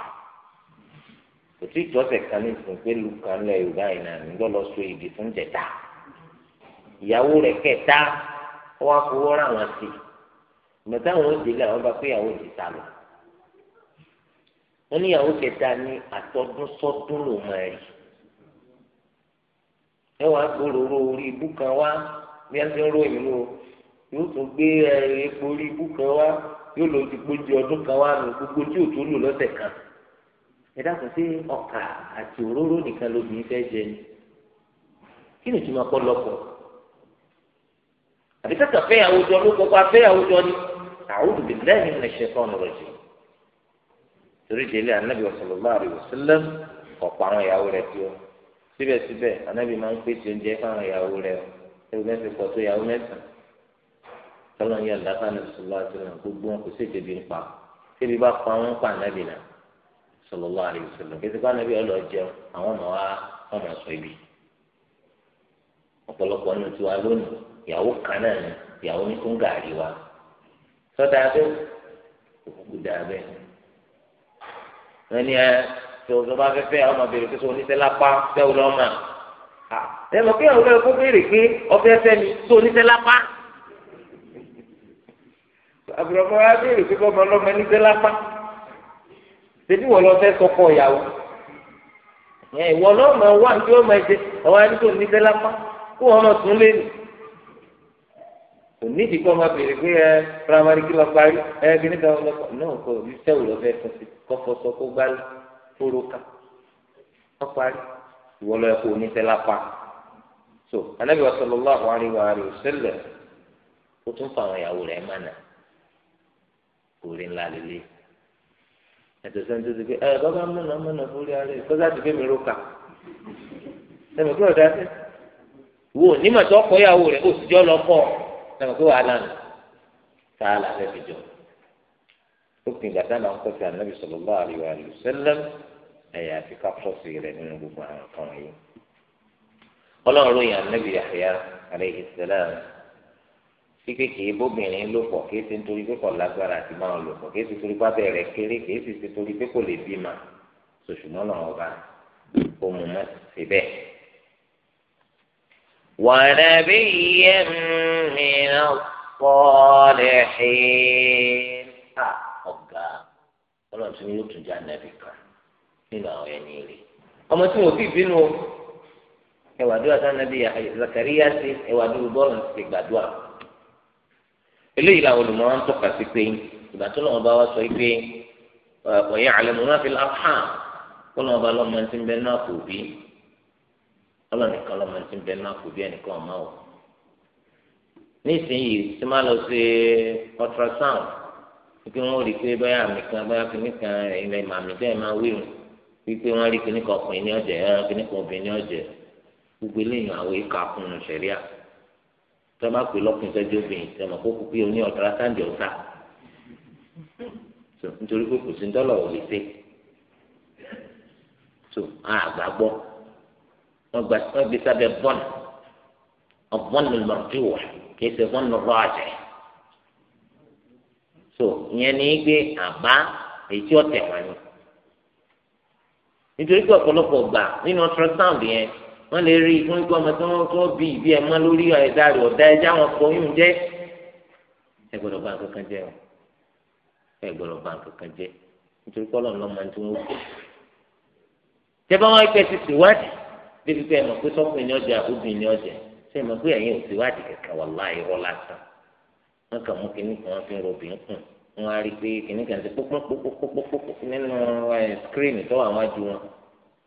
kò tí ìjọsẹ̀ kan ní ìsìn pé lukan lẹ yorùbá yìí náà nígbà lọ so ìdí fún jẹta ìyàwó rẹ̀ kẹta wọn fowó ra wọn sí ìgbà táwọn ó délé àwọn bá pé ìyàwó ti wọn níyàwó kẹta ní àtọdún sọdún ló máa rí ẹ wàá gbòòrò orí ibú kan wá bí a ti ń ròyìn o yóò tún gbé epo orí ibú kan wá yóò lọ ti gbójú ọdún kan wá nù gbogbo tí ò tó lò lọ́sẹ̀ kan ẹ dákun sí ọkà àti òróró nìkan lóbìnrin fẹ́ jẹ ni kí ni ìtumọ̀ kọ́ lọ́pọ̀ àbí sẹ́kà fẹ́yàwó jọ ló kọ́kọ́ afẹ́yàwó jọ ni a'udhu billahi minash shaitani rajim torí délé anabi sallallahu alaihi wasallam ọ̀pọ̀ àwọn ìyàwó rẹ̀ tí ó síbẹ̀síbẹ̀ anabi máa ń pèsè oúnjẹ fáwọn ìyàwó rẹ̀ ẹ̀rù mẹ́fì pọ̀ tó ìyàwó mẹ́fà tọ́lọ́ ń yẹ ọ̀dàkà ní sọlọ́ àti náà gbogbo wọn kò sí èdè bí ń pa kébi bá pa wọn pa anabi náà sallallahu alaihi wasallam kébi bá anabi ọlọ jẹun àwọn ọmọ wa ọmọ sọ ibi ọ̀pọ̀lọpọ̀ nù tiwa lónìí ìyàwó kan náà ni ìyàwó ní wa sọ́dà bẹ́ẹ̀ òkùnkùn ẹni ẹ tó tó bá fẹ́ fẹ́ ọmọ béèrè pé oníṣẹ́ lápá fẹ́ wọlé ọmọ ẹ mọ̀ pé àwọn ọlọ́ọ̀kọ́ béèrè pé ọfẹ́ fẹ́ mi tó oníṣẹ́ lápá àbùrọ̀mọ́ wa béèrè pé ọmọ ọlọ́mọ níṣẹ́ lápá ṣètì wọ́n lọ fẹ́ sọkọ ìyàwó ìwọ ọlọ́mọ wà ní ọmọ ẹ̀jẹ̀ ọwọ́ àdúgbò níṣẹ́ lápá kó wọn lọ lé nìí. onídìí kọ́ máa bèrè pé ẹ primary kí lọ parí ẹ kíní kan lọ parí náà kọ iṣẹ́ òwúrọ̀ fẹ́ fún sí kó parí ìwọ so anábì wa sallallahu alaihi wa alihi wasallam ó tún fa àwọn ìyàwó rẹ̀ mánà orí ńlá lélẹ̀ ẹ̀tọ́ sẹ́ni tó ti pé ẹ bàbá mọ̀nà mọ̀nà fúri ara rẹ̀ ti gbé mi ẹ̀mí kúrò wo sọ̀rọ̀ pé wàhálà nù tá a là fẹ́ fi jọ lópin ìgbà tá a máa ń kọ́sí ànábì sallallahu alaihi wa sallam ẹ̀yà àti kápọ́sì rẹ̀ nínú gbogbo àwọn kan yìí ọlọ́run ló yàn ànábì Yahya alayhi salam kíkẹ́ kìí bóbìnrin ló pọ̀ kìí ṣe nítorí pé kò lágbára àti máa lò pọ̀ kìí ṣe torí pábẹ́ rẹ̀ kéré kìí ṣe torí pé kò lè bímọ sòṣùmọ́ náà ọba ó mú mọ́ síbẹ̀. ونبيا من الصالحين ọ̀gá ọlọ́run tí yóò tún jẹ́ ànábì kan nínú àwọn ẹni rẹ̀ ọmọ tí wọ́n fi bínú o ẹwà dúró àti ànábì Zakariya sí ẹwà dúró ọlọ́nìkan lọ́mọ tí ń bẹ náà kò bí ẹnìkan ọ̀ma o nísìnyí tí máa lọ sí ultrasound wípé wọ́n rí i pé báyà mi kan báyà kìíní kan ilẹ̀ màmí bẹ́ẹ̀ máa wíwùn wípé wọ́n rí kìíní kan ọkùnrin ní ọ̀jẹ̀ ẹ̀rọ kìíní kan obìnrin ní ọ̀jẹ̀ gbogbo eléyìn àwọn ìka kùnú sẹ̀ríà tí wọ́n bá pè lọ́kùnrin tọ́jú obìnrin tẹ̀mọ̀ kó kú pé oní ultrasound ọ̀tá nítorí pé kò sí ń dọ́là òwe sí so wọn gba wọn gbé sábẹ́ bọ́n ọ̀bọ́n lọ́dúnwà kì so ìyẹn ní gbé àbá èyí tí ó tẹ̀ wá ní nítorí pé ọ̀pọ̀lọpọ̀ gbà nínú ultrasound yẹn wọ́n lè rí ikú ikú ọmọ tí wọ́n tó bí ìbí ẹ̀ mọ́ lórí ẹ̀dá rẹ̀ ọ̀dá ẹja wọn kọ oyún jẹ́ ẹ gbọ́dọ̀ bá nǹkan kan o ẹ gbọ́dọ̀ bá nǹkan kan nítorí pé ọlọ́run lọ́mọ tí wọ́n kọ́ tẹ́ bá wọn pẹ́ ti ṣèwádìí débi pé ẹmọ pé sọkùnrin ni ọjà obìnrin ni ọjà ṣe ẹmọ pé ẹyin òsì wádìí kẹkẹ wà láì rọ lásán wọn kà mú kinní kan wọn fi ń robìn kùn wọn á rí i pé kinní kan ti pópópópópópópó nínú eh, skírínì tó wà wọn ju wọn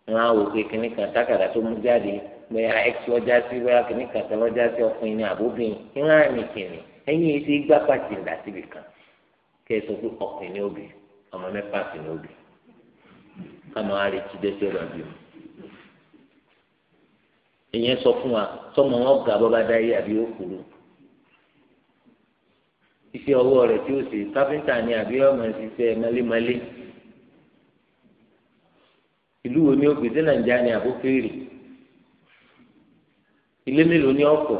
wọn á wò pé kinní kan tákàdá tó mú jáde bóyá x lọ́jà sí bóyá kinní kan tó lọ́jà sí ọkùnrin ni àbóbìnrin kí wọn á rìn kìnnì ẹyin èyí ti gbá pàtì ńlá síbi kan kẹ ẹ sọ pé ọkùnrin ni obì ọmọ mẹ́fà sí ni obì káwọn á rí i tí dẹ́sẹ̀ rẹ̀ bí wọn ìyẹn sọ fún wa sọmọ wọn gà bọba dá yé àbí ó kúrú iṣẹ́ ọwọ́ rẹ̀ tí ó ṣe káfíńtà ni àbí ọmọ ìṣiṣẹ́ mẹlẹmẹlẹ ìlú wo ni ó gbèsè nàìjíríà ni àbó fèrè ilé mélòó ni ọkọ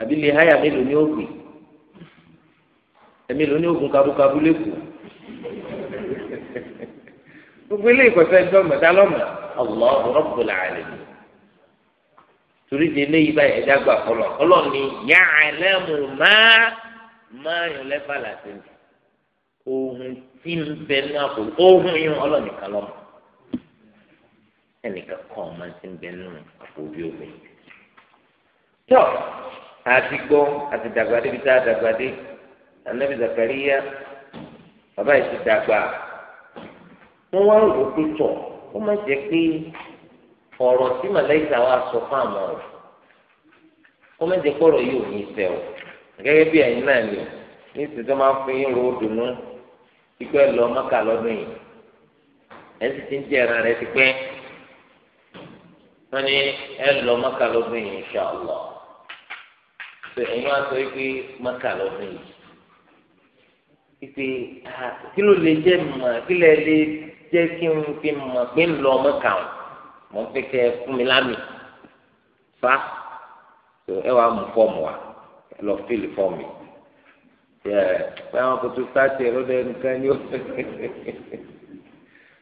àbí ilé háyà mélòó ni ó gbè ẹ̀mí ló ní oògùn kabúkabú lẹkọọ gbogbo ilé ìkọsẹ ẹjọ mọta lọmọ Allahu Rabbul Alamin torí di eléyìí báyìí ẹja gbà fọlọ Ọlọ́run ni ya'lamu ma ma yàn lẹfà láti ní ohun tí ń bẹ ní àpò ohun yìí Ọlọ́run nìkan lọ ẹnìkan kọ ọmọ tí ń bẹ nínú àpò bí omi tó àti gbọ́ àti dàgbà débi tá a dàgbà dé anabi Zakariya bàbá yìí ti dàgbà wọn wá rò ó pé tọ ó má jẹ pé ọ̀rọ̀ tí màláìka wa sọ fún àwọn ọ̀rọ̀ kó méje kọ̀rọ̀ yìí ò ní fẹ́ o gẹ́gẹ́ bí ẹ̀yin náà ni ní ìsìn tó máa ń fi ro dùnú ikú ẹ̀ lọ mọ́kà lọ́dún yìí ẹ̀ sì ti ń jẹ́ ẹran rẹ̀ ti pẹ́ wọ́n ní ẹ̀ lọ mọ́kà lọ́dún yìí inṣàlọ́ tó ẹ̀yin wá sọ pé mọ́kà lọ́dún yìí ìpè ah, kí ló lè jẹ́ mọ̀ kí lè lè jẹ́ kí n fi mọ̀ pé ń lọ mọ́kà wọn mo ń fẹ́ kẹ́ fún mi lámì fa tó ẹ wàá mú fọ́ọ̀mù wa ẹ lọ fíìlì fọ́ọ̀mù yìí ẹ pé àwọn kò tó sáàtì ẹ̀rọ dẹ nìkan ni ó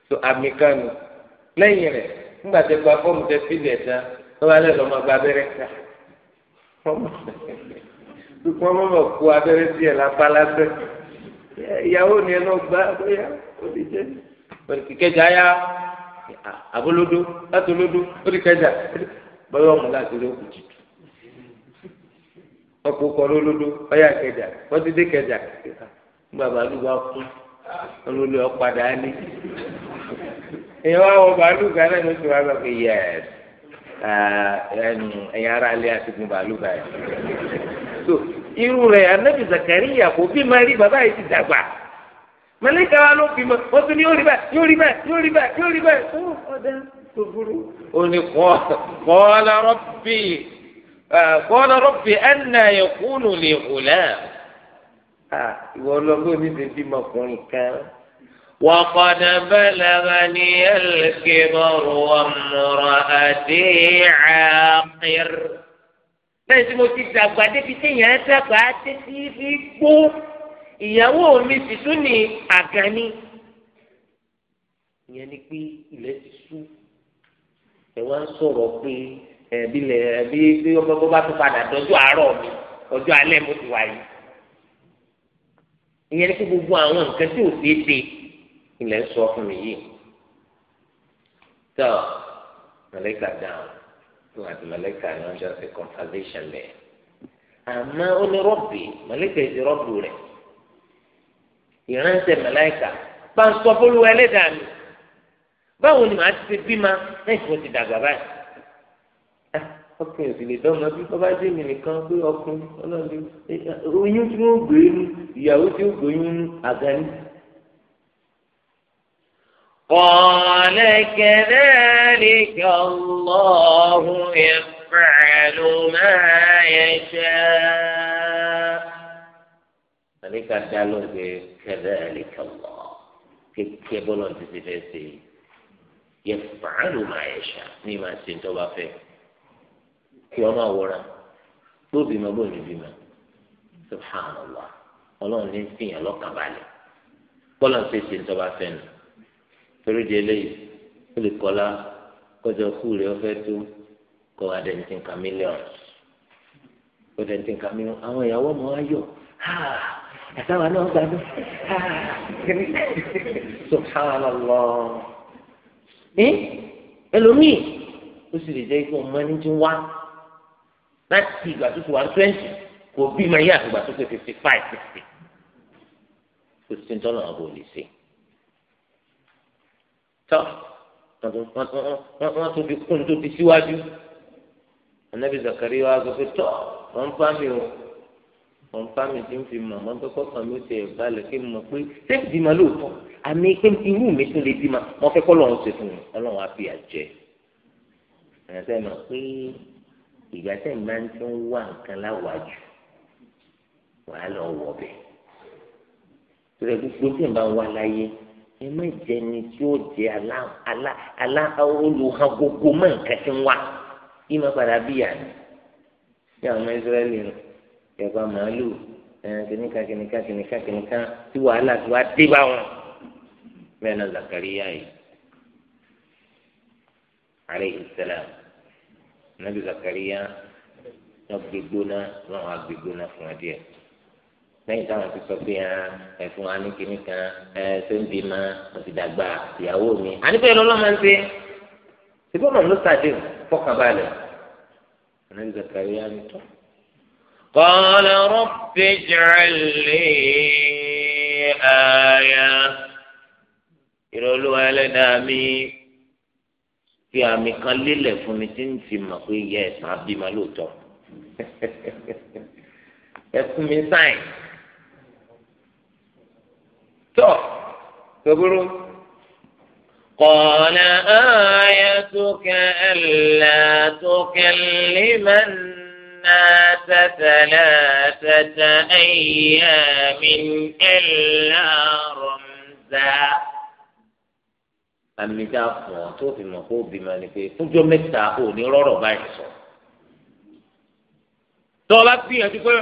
tó *laughs* àmì kan nù lẹ́yìn rẹ̀ nígbà tẹ gba fọ́ọ̀mù tẹ fíìlì ẹ̀ tán ẹ wàá lẹ́ lọ́mọ gba abẹ́rẹ́ ká tukun ọmọ mọ ku abẹ́rẹ́ sí ẹ lápá lásẹ ìyàwó ni ẹ lọ gbá bóyá ó lè jẹ kẹjà ya abolodo ah, látọlodo ó ti kẹjà bọ́yọ̀ ọmọ láti ló kù jìjù ọyà kẹjà wọ́n kẹjà bàbá lù fún wọ bàálù gánà ní oṣù yẹs ara bàálù so irú anabi bí bàbá yìí ti dàgbà. ملك عالو بما وطن يوري با يوري با يوري با يوري با قال قال ربي قال ربي أن يكون لي غلام وقد بلغني الكبر وامرأتي عاقر لازم تتابع في سيناتك وعاتي في بوك ìyàwó mi sì tún ní àgàní ìyẹn ni pé ilẹ̀ ti sú ẹ wá ń sọ̀rọ̀ pé ẹbí lẹ ẹbí pé ọmọ bó bá tún padà dọjọ́ àárọ̀ mi ọjọ́ alẹ́ mo ti wáyé ìyẹn ni pé gbogbo àwọn nǹkan tí ò ṣeé ṣe ilẹ̀ ń sọ fún mi yìí tọ́ mọ̀lẹ́kà dáhùn tó àti mọ̀lẹ́kà ni wọ́n jọ ṣe conservation bẹ́ẹ̀ àmọ́ ó ní rọ́bì mọ̀lẹ́kà ti rọ́bì rẹ̀ ìránṣẹ́ mẹláìkà bá ń sọ fọlùwà ẹlẹ́dàá mi báwo ni màá ti ṣe bí ma lẹ́yìn tó ti dàgbà báyìí ah, ọkùnrin òsì lè dọ́mọ bí bọ́ bá mi nìkan pé ọkùnrin ọlọ́run eh, eh, oyún tí wọ́n gbé nu ìyàwó tí ó gbóyún nu àgání. قال كذلك الله يفعل ما يشاء àníkà dá lóhùn pé kẹlẹ àníkà lọ kékeré bọlọ ti ti fẹ ṣe yẹ fàánù máa yẹ ṣá ní máa ṣe tó bá fẹ kí ọmọ àwòrán tó bímọ bó ní bímọ subhanallah Ọlọ́run ní fìyàn lọ́kàn balẹ̀ bọlọ ti ṣe tó bá fẹ nù torí di eléyìí ó lè kọlá kú rẹ ọfẹ tó kọ adẹntinka mílíọnù adẹntinka mílíọnù àwọn ìyàwó ọmọ ayọ háà àtàwọn náà gbàgbọ́ subhanallah ẹ ẹlòmíì ó sì lè jẹ́ ikú ọmọ ẹni tí ń wá láti ìgbà tó ti wà twenty kò bí ma yé àtìgbà tó ti fifty five sixty kò sí ní tọ́lọ̀ àbò lè ṣe tọ́ wọ́n tún fi kún tó fi síwájú anabi zakari wa sọ pé tọ́ wọ́n ń pa mi o wọn bá mi ti ń fi mọ̀ mọ́ pẹ́pọ́ kan mi ti balẹ̀ kí n mọ̀ pé sẹ́ẹ̀kì bímọ lóòótọ́ àmì pé irú mi tún lè bímọ mo fẹ́ kọ́ lọ́run ṣe fún mi ọlọ́run á fi àjẹ. ẹ̀sẹ̀ mọ̀ pé ìgbà tẹ̀ máa ń tún wá nǹkan láwàájú wàá lọ wọ̀ bẹ̀. tẹ̀lé gbogbo tí n bá wà láyé ẹ má jẹ́ ni tí ó jẹ́ alá olùhàn gbogbo mọ́ nǹkan tí ń wá ìmọ̀ padà bíyà ni. ní àwọn Ísírẹ́lì náà ìjọba màálù kìnìkan kìnìkan kìnìkan kìnìkan tí wàhálà tí wàá dé bá wọn bẹ́ẹ̀ náà Zakariya yìí aleyhi salam nabi Zakariya náà gbégbóná náà wàá gbégbóná fún wa díẹ̀ lẹ́yìn táwọn ti sọ pé ẹ̀fún wa ní kinní kan ẹ̀ ṣé ń bímọ wọ́n ti dàgbà ìyàwó mi. àníbẹ̀ ló lọ́mọ ń ṣe ṣùgbọ́n màmú ló ṣàdéhùn fọkànbalẹ̀. àníbẹ̀ Zakariya ni tọ́ قال رب اجعل لي آية يقول له ألا نامي في أمي قال لي فنتين في مقوية عبد ملوتا اسمي ساين تو تقولون قال آيتك ألا تكلمن ثلاثة ثلاثة أيام إلا رمزا àmì tá a fún ọ tó fi mọ̀ kó bímọ ni pé fúnjọ́ mẹ́ta ò ní rọ́rọ̀ báyìí sọ. tó o bá gbìyànjú pé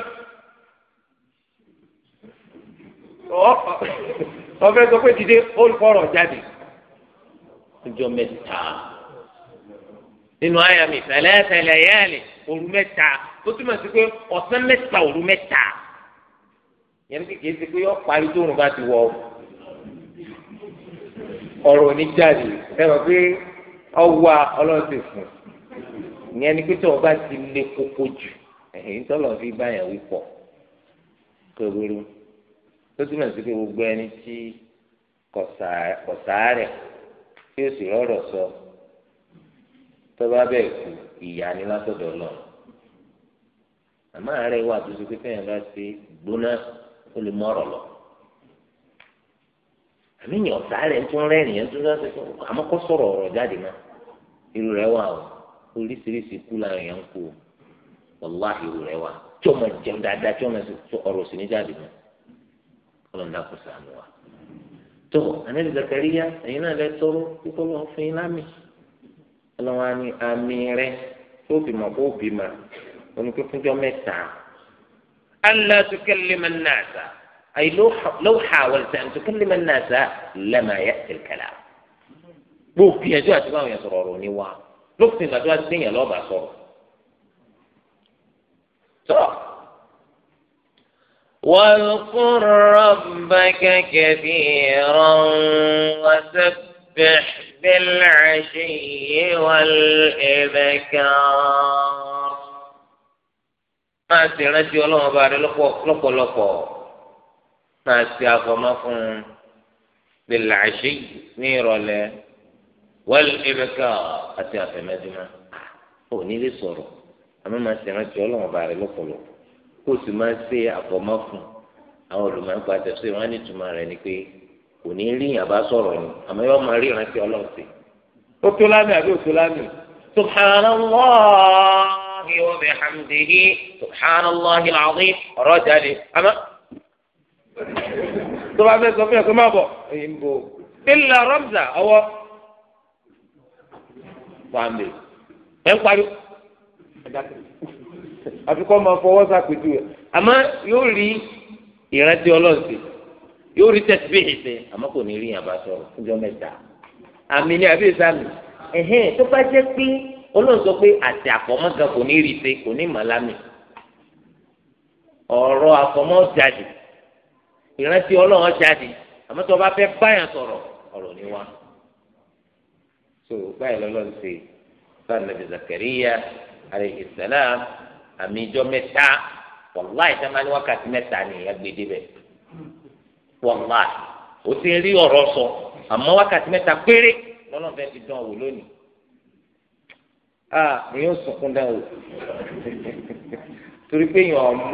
ọfẹ sọ pé dìde olùkọrọ jáde fúnjọ́ mẹ́ta nínú àyà mi fẹlẹ fẹlẹ yẹlẹ òru mẹ́ta ó túmọ̀ sí pé ọ̀sán mẹ́ta òru mẹ́ta yẹn ti kìí ṣe pé yọ parí tó òrùn bá ti wọ̀ ọ̀rọ̀ oníjàre ẹ mọ̀ pé ọwọ́ ọlọ́run fún ìyẹn ni pé tí wọ́n bá ti lé koko jù èyí tó lọ́ọ́ fi báyà wí pọ̀ kéwéru tó túmọ̀ sí pé gbogbo ẹni tí kọ̀sáárẹ̀ tí ó sì rọ̀rọ̀ sọ tó bá kú ìyá ni látọ̀dọ̀ náà àmọ́ àárẹ̀ wà tó ṣe pé fẹ́yìn bá ṣe gbóná ó lè mọ̀rọ̀ lọ. àmì yàn ọ̀tá rẹ̀ tó ń rẹ́rìn yẹn tó dáṣe fún àmọ́ kó sọ̀rọ̀ ọ̀rọ̀ jáde náà irú rẹ̀ wà o oríṣiríṣi kú làwọn èèyàn ń kú o wàlá irú rẹ̀ wà tí ọmọ jẹun dáadáa tí ọmọ ọ̀rọ̀ sì ní jáde náà ọlọ́run dàkú sànù wa. tó ànábì Zakariya ẹ̀yin náà lẹ tọrọ kíkọ́ lọ́wọ́ oníkó fúnjọ́ mẹ́sàn-án allah tukallima an-nasa ay law hawalta an tukallima an-nasa lama ya'ti al-kalam gbogbo ìyànjú àti báwọn yẹn sọ̀rọ̀ ọ̀rọ̀ ni wa lópin ìgbà tó wá sí yẹn lọ́ọ̀bà sọ̀rọ̀ tọ́ واذكر ربك كثيرا وسبح بالعشي والإبكار máa ṣe rántí ọlọ́run bá rẹ lọ́pọ̀lọpọ̀ máa ṣe àfọmọ́ fún un bilàṣí ní ìrọ̀lẹ́ wẹ́lú ìbẹ́kà àti àfẹ̀mẹ́dúmá ò ní lè sọ̀rọ̀ àmọ́ máa ṣe rántí ọlọ́run bá rẹ lọ́pọ̀lọpọ̀ kó o sì máa ṣe àfọmọ́ fún un àwọn olùmọ̀ọ́gbà tẹ̀sí wọn ní ìtumọ̀ rẹ̀ ni pé kò ní rí yàn bá sọ̀rọ̀ ni àmọ́ yóò máa rí ìrántí ọlọ́run sí. ó tó lámì àbí ó tó lámì subhanallah. وبحمده سبحان الله العظيم ọ̀rọ̀ jáde àmọ́ tó bá fẹ́ sọ fún yà kó má bọ̀ ẹ̀yin bò ilà rọ́bìsà ọwọ́ fàmì ẹ̀ ń parí àfikọ́ máa fọwọ́ sàpèjú rẹ̀ àmọ́ yóò rí ìrántí ọlọ́ọ̀sì yóò rí tẹ̀síbíhì sí àmọ́ kò ní rí yàn bá sọ̀rọ̀ fúnjọ́ mẹ́ta àmì ni àbí ìsàmì ẹ̀hìn tó bá jẹ́ pé olóhùn sọ pé àti àfọmọ́gà kò ní rí ṣe kò ní màlámì ọ̀rọ̀ àfọmọ́ jáde ìrántí ọlọ́run jáde àmọ́ tí wọ́n bá fẹ́ báyàn sọ̀rọ̀ ọ̀rọ̀ ni wá. so báyìí lọ́lọ́run ṣe sáà nàbì Zakariya alayhi salam àmì ìjọ mẹ́ta wàláì tá a máa ní wákàtí mẹ́ta ni agbèdè bẹ̀ wàláì ó ti rí ọ̀rọ̀ sọ àmọ́ wákàtí mẹ́ta péré lọ́lọ́run fẹ́ fi dán wò lónìí a èèyàn sunkún dá o torí pé èèyàn ọmọ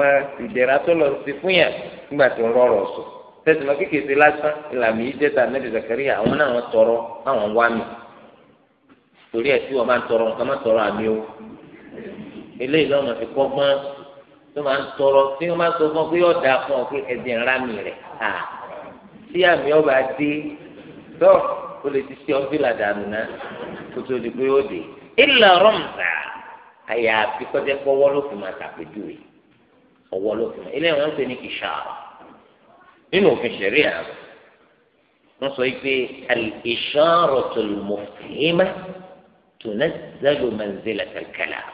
ìdẹ̀ra tó lọ sí fún yàn nígbà tó ń rọrọ̀ sùn tẹsán lọ kékeré sí lásán ìlànà yìí jẹta nẹbi zakari àwọn náà wọn tọrọ àwọn wá mi torí ẹ tí wọn máa ń tọrọ nǹkan máa ń tọrọ àmì o eléyìí lọ́nà fi kọ́gbọ́n tó máa ń tọrọ tí wọ́n máa ń sọ fún ọ pé yóò fún ọ pé ẹ̀dẹ̀ ńlá mi rẹ̀ à tí àmì ọba dé tó o lè ti ṣe ọ́fíìlà dànù náà kó tó di pé ó dé ìlà rọmùsà àyàfi kọjá pé ọwọ́ ló fi máa tàpéjúwe ọwọ́ ló fi máa ilé wọn ń pè ní kìsà nínú òfin ṣẹ̀ríà wọn sọ pé al-isharatul mufhima tunazzalu manzilatal kalam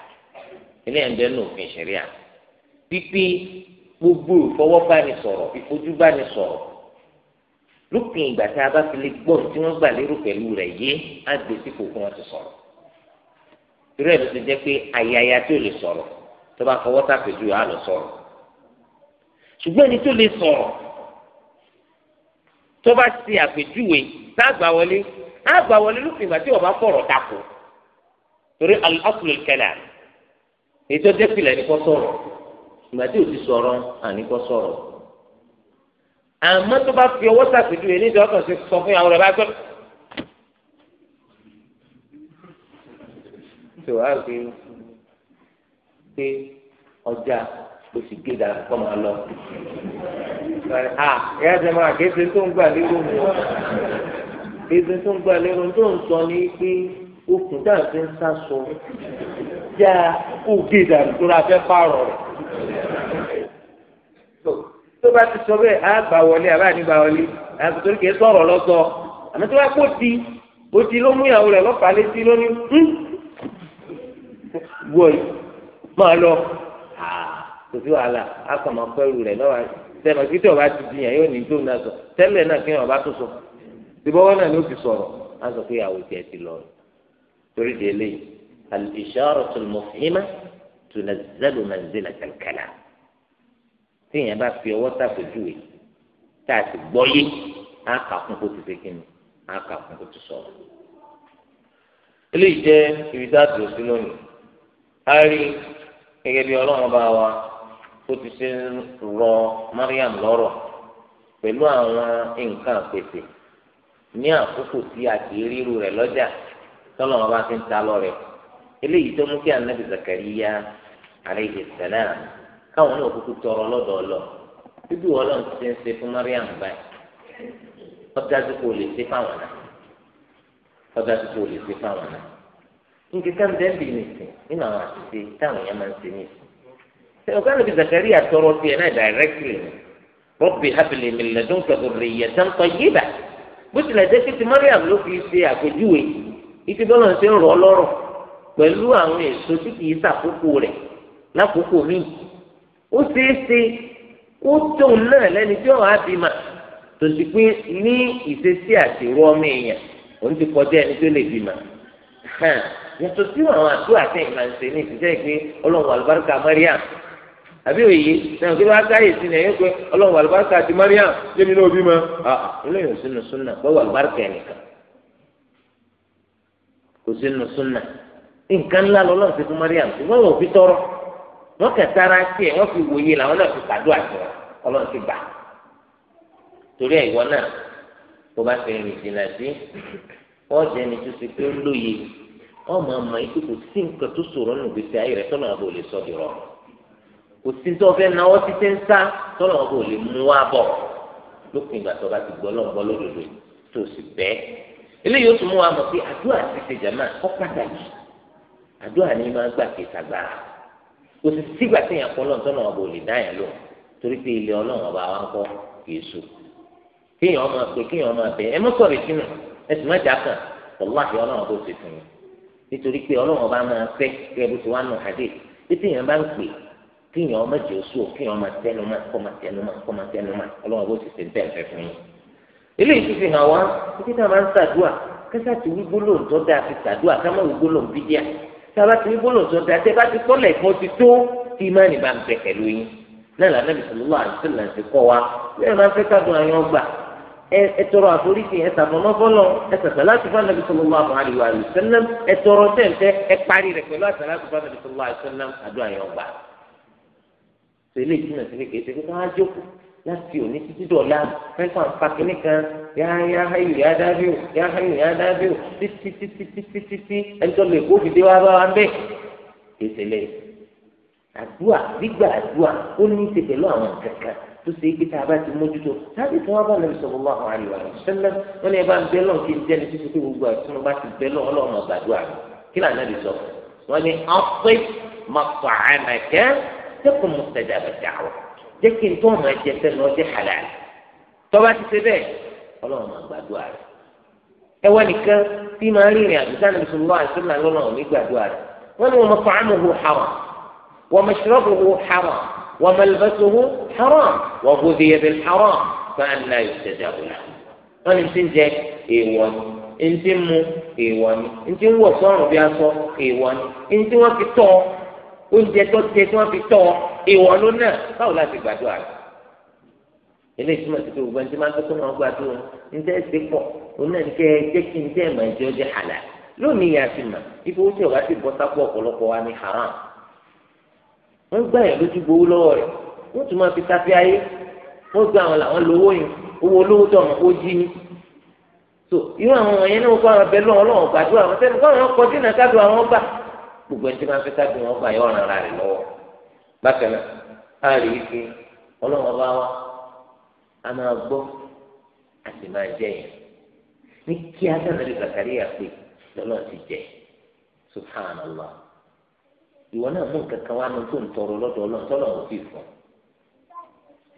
ilé ẹ̀ ń bẹ nínú òfin ṣẹ̀ríà pípé gbogbo ìfọwọ́bánisọ̀rọ̀ ìfojúbánisọ̀rọ̀ lópin ìgbà tá a bá fi lè gbọ́ tí wọ́n gbà lérò pẹ̀lú rẹ̀ yé á gbé sípò kí wọ́n ti sọ̀rọ̀ irú ẹ̀ ló ti jẹ́ pé àyàyà tí ò lè sọ̀rọ̀ tó bá fọwọ́ sàpèjú yà á lọ sọ̀rọ̀ ṣùgbọ́n ẹni tó lè sọ̀rọ̀ tó bá ṣe àpèjúwe tá a gbà wọlé á gbà wọlé lópin ìgbà tí ọba fọ̀rọ̀ takò torí al-aslu al-kalam ètò dẹ́pìlẹ̀ ní kò sọ̀rọ̀ ìgbà tí ò ti sọ̀rọ̀ àní kò sọ̀rọ̀ àmọ́ tó bá fi ọwọ́ sàpèjúwe níjọ́ kan ṣe sọ fún yàrá rẹ̀ bá gbọ́dọ̀. ṣe wàá fi gbé ọjà oṣù gèdà kọ́ máa lọ. ìyá ṣe máa kéde tó ń gbà lérò mi kéde tó ń gbà lérò tó ń sọ ní pé okùn dáhùn fi ń sá sọ já ògè dànù tó ra fẹ́ pààrọ̀ rẹ̀ tó bá ti sọ bẹ́ẹ̀ á gbà wọlé àbá ní gbà wọlé àti torí kìí sọ̀rọ̀ lọ́sọ àmì tó bá kó ti kó ti ló mú ìyàwó rẹ̀ lọ́pàá létí lónìí hmm? wọ́ọ̀yì máa lọ kò sí wàhálà a kàn máa pẹ́rù rẹ̀ lọ́wọ́ tẹ̀mọ̀ kí tẹ̀ ọba ti di yàn yóò ní tó náà sọ tẹ́lẹ̀ náà kí ọba tó sọ tìbọ́wọ́ náà ni ó fi sọ̀rọ̀ á sọ pé àwọn ìjẹ́ ti lọ torí di eléyìí al-isharatu al-mufhima tunazzalu manzilata al-kalam tíyẹn bá fi ọwọ́ sàpèjúwe tá a sì gbọ́ yé á kà fún kó ti ṣe kí ni á kà fún kó ti sọ̀rọ̀ eléyìí jẹ́ ibi tá a dùn sí lónìí. ari rí bi bí ọlọ́run bá wa ti ṣe rọ Mariam lọrọ pẹ̀lú àwọn nǹkan pèsè ní àkókò tí a kì í ríru rẹ̀ lọ́jà tọ́lọ́run bá ti ń ta lọ eléyìí tó mú kí anabi Zakariya alayhi salam káwọn náà kúkú tọrọ lọ́dọ̀ bíbí ń ṣe Mariam báyìí ọjà tó kò lè ṣe nǹkan bẹ́ẹ̀ bí nìsín nínú àwọn àṣìṣe táwọn èèyàn máa ń ṣe nìsín. ọ̀gá nàbí Zakaria tọrọ tiẹ̀ náà directly ni Rabbi habli min ladunka dhurriyyatan tayyibah bó tilẹ̀ jẹ́ pé ti Mariam ló fi ṣe àpèjúwe ife bọ́lá ń ṣe ń rọ̀ lọ́rọ̀ pẹ̀lú àwọn èso tí kì í ṣàkókò rẹ̀ lákòókò míì ó ṣeé ṣe kó tóun náà lẹ́ni tí ọ̀hún á bí mà tó ti pín ní ìṣesí àṣìrò ọmọ èèyàn òun ti kọjá ẹni tó lè bí mà yàtọ̀ sí àwọn àdúrà tí nǹkan ṣe ní ìfìjẹ́ ìpè ọlọ́run àlùbáríkà mariam àbí òye náà kí ló wá káyè sí náà yẹn pé ọlọ́run àlùbáríkà ti mariam jẹ́mi náà bí ma ọlọ́run sínú súnà bọ́wọ́ àlùbáríkà nìkan kò sínú súnà nǹkan ńlá lọ́lọ́run ti fún mariam ṣùgbọ́n wọn ò fi tọrọ wọn kẹtara tiẹ̀ wọn fi wòye làwọn náà fi kàdúrà tiwọn ọlọ́run ti gbà torí ẹ̀ ìwọ náà bó bá ṣe rìn jìnnà sí wọ́n jẹ́ ẹni tó ṣe pé ó lóye ọ ọmọ ma pé kò sí nǹkan tó ṣòro nù gbèsè rẹ tọ́nà àbò lè sọ di rọrùn kò sí tó fẹ́ náwó títí ń sá tọ́nà àbò lè mú bọ̀ lópin ìgbà tó bá ti gbọ́ lọ́ngbọ́ lódodo tó sì bẹ́ eléyìí ó tún mú wa mọ̀ pé àdúrà ti ṣe jàmá kọ́ pàtàkì àdúrà ni máa gbà kí kò sì sígbà tí tọ́nà àbò lè dá yẹn torí pé ilé ọlọ́run ọba wa ń kọ́ kì nítorí pé ọlọ́run ọba máa fẹ́ kí ẹbí tí wàá nù hàdé títí èèyàn bá ń pè kí èèyàn ọmọ jẹ oṣù kí èèyàn máa tẹnu máa kọ́ máa tẹnu máa kọ́ máa tẹnu máa ọlọ́run ọba ó sì ṣe bẹ́ẹ̀ fẹ́ fún yín. eléyìí ti fi hàn wá títí tá a máa ń ṣàdúà kẹsà ti wí gbólóhùn tó dáa fi ṣàdúà ká má wí gbólóhùn bídíà tá a ti wí gbólóhùn tó dáa ẹ tọrọ àforíjì ẹ sàmúnà fọlọ ẹ sàṣàlátù fún anabi sallallahu alaihi wa sallam ẹ tọrọ tẹǹtẹ ẹ parí rẹ pẹ̀lú àṣàlátù fún anabi sallallahu alaihi wa sallam àdúrà yẹn ọgbà. sẹlẹ ìtumọ̀ sílẹ̀ kìí ṣe kókó ájókòó láti òní títí dọ̀la fẹ́fà pàkínní kan yáyá hayù yá dábí o yá hayù yá dábí o títí títí títí títí ẹnitọ́ lè kó fìdí wá bá wa ń bẹ̀. kìí àdúà gbígbà àdúà ó ní tó ṣe ibi tá a bá ti mójútó tábì tí wọn bá lọ sallallahu alaihi wa sallam wọn lè bá ń bẹ lọ kí n jẹni títí pé gbogbo àti wọn bá ti bẹ lọ Ọlọ́run ọgbàdúrà rẹ kí lànà lè sọ wọn ni ọpẹ màpà ànàkẹ tẹkùn mùsàdà bàjá wọn jẹ kí n tó ọmọ ẹjẹ sẹnu ọjẹ halal tọba ti ṣe bẹ́ẹ̀ Ọlọ́run ọgbàdúrà rẹ ẹ nìkan tí màá rìnrìn àdúrà nàbì sallallahu alaihi wa sallam lọ́nà ò وملبسه حرام وغذي بالحرام فأنا يستجاب له wọ́n ní ti ń jẹ èèwọ̀ ni ní ti ń mu èèwọ̀ ni ní ti ń wọ̀ sọ́run bí aṣọ èèwọ̀ ni ní ti wọ́n fi tọ́ oúnjẹ tó jẹ tí wọ́n fi tọ́ èèwọ̀ ló náà báwo láti gbàdúrà rẹ̀ eléyìí túmọ̀ sí pé gbogbo ẹni tí máa ń tọ́kọ́ náà gbàdúrà ní tẹ́ ẹ ṣe pọ̀ òun náà ní kẹ́ ẹ jẹ́ kí n tẹ́ ẹ̀ máa jẹ́ ọjẹ́ àlà lónìí yà á ti mà ibi owó tí ọ̀gá ti bọ́ sápò ọ̀pọ̀lọpọ̀ wa ní haram wọ́n gbà yẹn lójú gbowó lọ́wọ́ rẹ̀ wọ́n tún máa fi káfí ayé wọ́n gbà àwọn làwọn lówó yẹn owó olówó tó ọmọ kó jí ni so irú àwọn wọ̀nyẹn náà kó àwọn abẹ lọ́wọ́ lọ́wọ́ gbàdúrà wọn sẹ́ni kó àwọn gbogbo ẹni tí wọ́n fẹ́ ká wọn gbà ara bákan náà a wa a máa gbọ́ a sì máa jẹ yẹn ní kí lè ìwọ náà mú kankan wá ní tó ń tọrọ lọ́dọ̀ Ọlọ́run tọrọ ò sì fún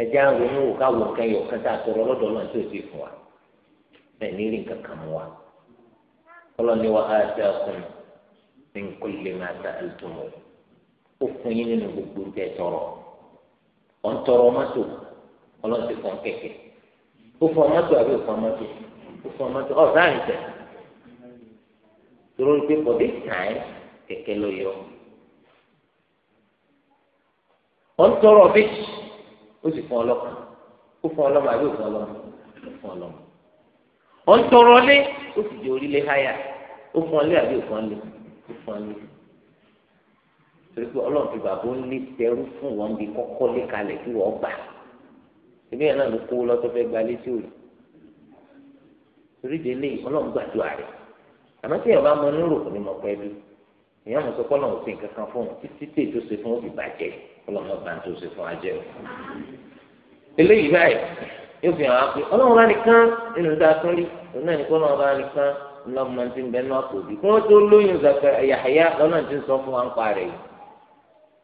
ẹjẹ àwọn oníwò káwọ nǹkan yọ kan tá a tọrọ lọ́dọ̀ Ọlọ́run tó sì fún wa bẹ́ẹ̀ ní rí nǹkan kan mú wa ọlọni wa á dá ọkùn ní kulli ma sa'altumu ó fún yín nínú gbogbo nǹkan tọrọ ọ ń tọrọ mọ́tò Ọlọ́run ti fún kẹ̀kẹ́ ó fún mọ́tò àbí ó fún mọ́tò ó fún mọ́tò ọ sáà ń tẹ torí pé for this time kẹ̀kẹ́ ló yọ. ọ̀ ń tọrọ bí ó sì fún ọlọ́kàn ó fún ọlọ́mọ àbí òfún ọlọ́mọ fún ọlọ́mọ ọ̀ ń tọrọ lé ó sì di orílẹ̀ háyà ó fún ọlé àbí òfún ọlé ó fún ọlé torí pé ọlọ́run fi bàbá ń lé tẹrú fún wọn bí kọ́kọ́ lé kalẹ̀ kí wọ́n gbà ebi yẹn náà ló kó lọ́tọ́ fẹ́ gba létí òòlù torí délé ọlọ́run gbàdúrà rẹ̀ àmọ́ tí èèyàn bá mọ nírò kò ní mọ̀ pẹ́ bí èèyàn mọ̀ sọ pé ọlọ́run ò fún un títí tètè tó ṣe fún òbí bàjẹ́ yìí ọlọ́run ọba tó ṣe fún ajẹ́ o. eléyìí báyìí yóò fi hàn á pé ọlọ́run bá nìkan nínú dáadọ́n rí òun náà ní kó ọlọ́run bá nìkan ńlọ́mọ ti ń bẹ náà kò bí. kí wọ́n tó lóyún zaka Yahya lọ́nà tí ń sọ fún wa ń pa rẹ̀ yìí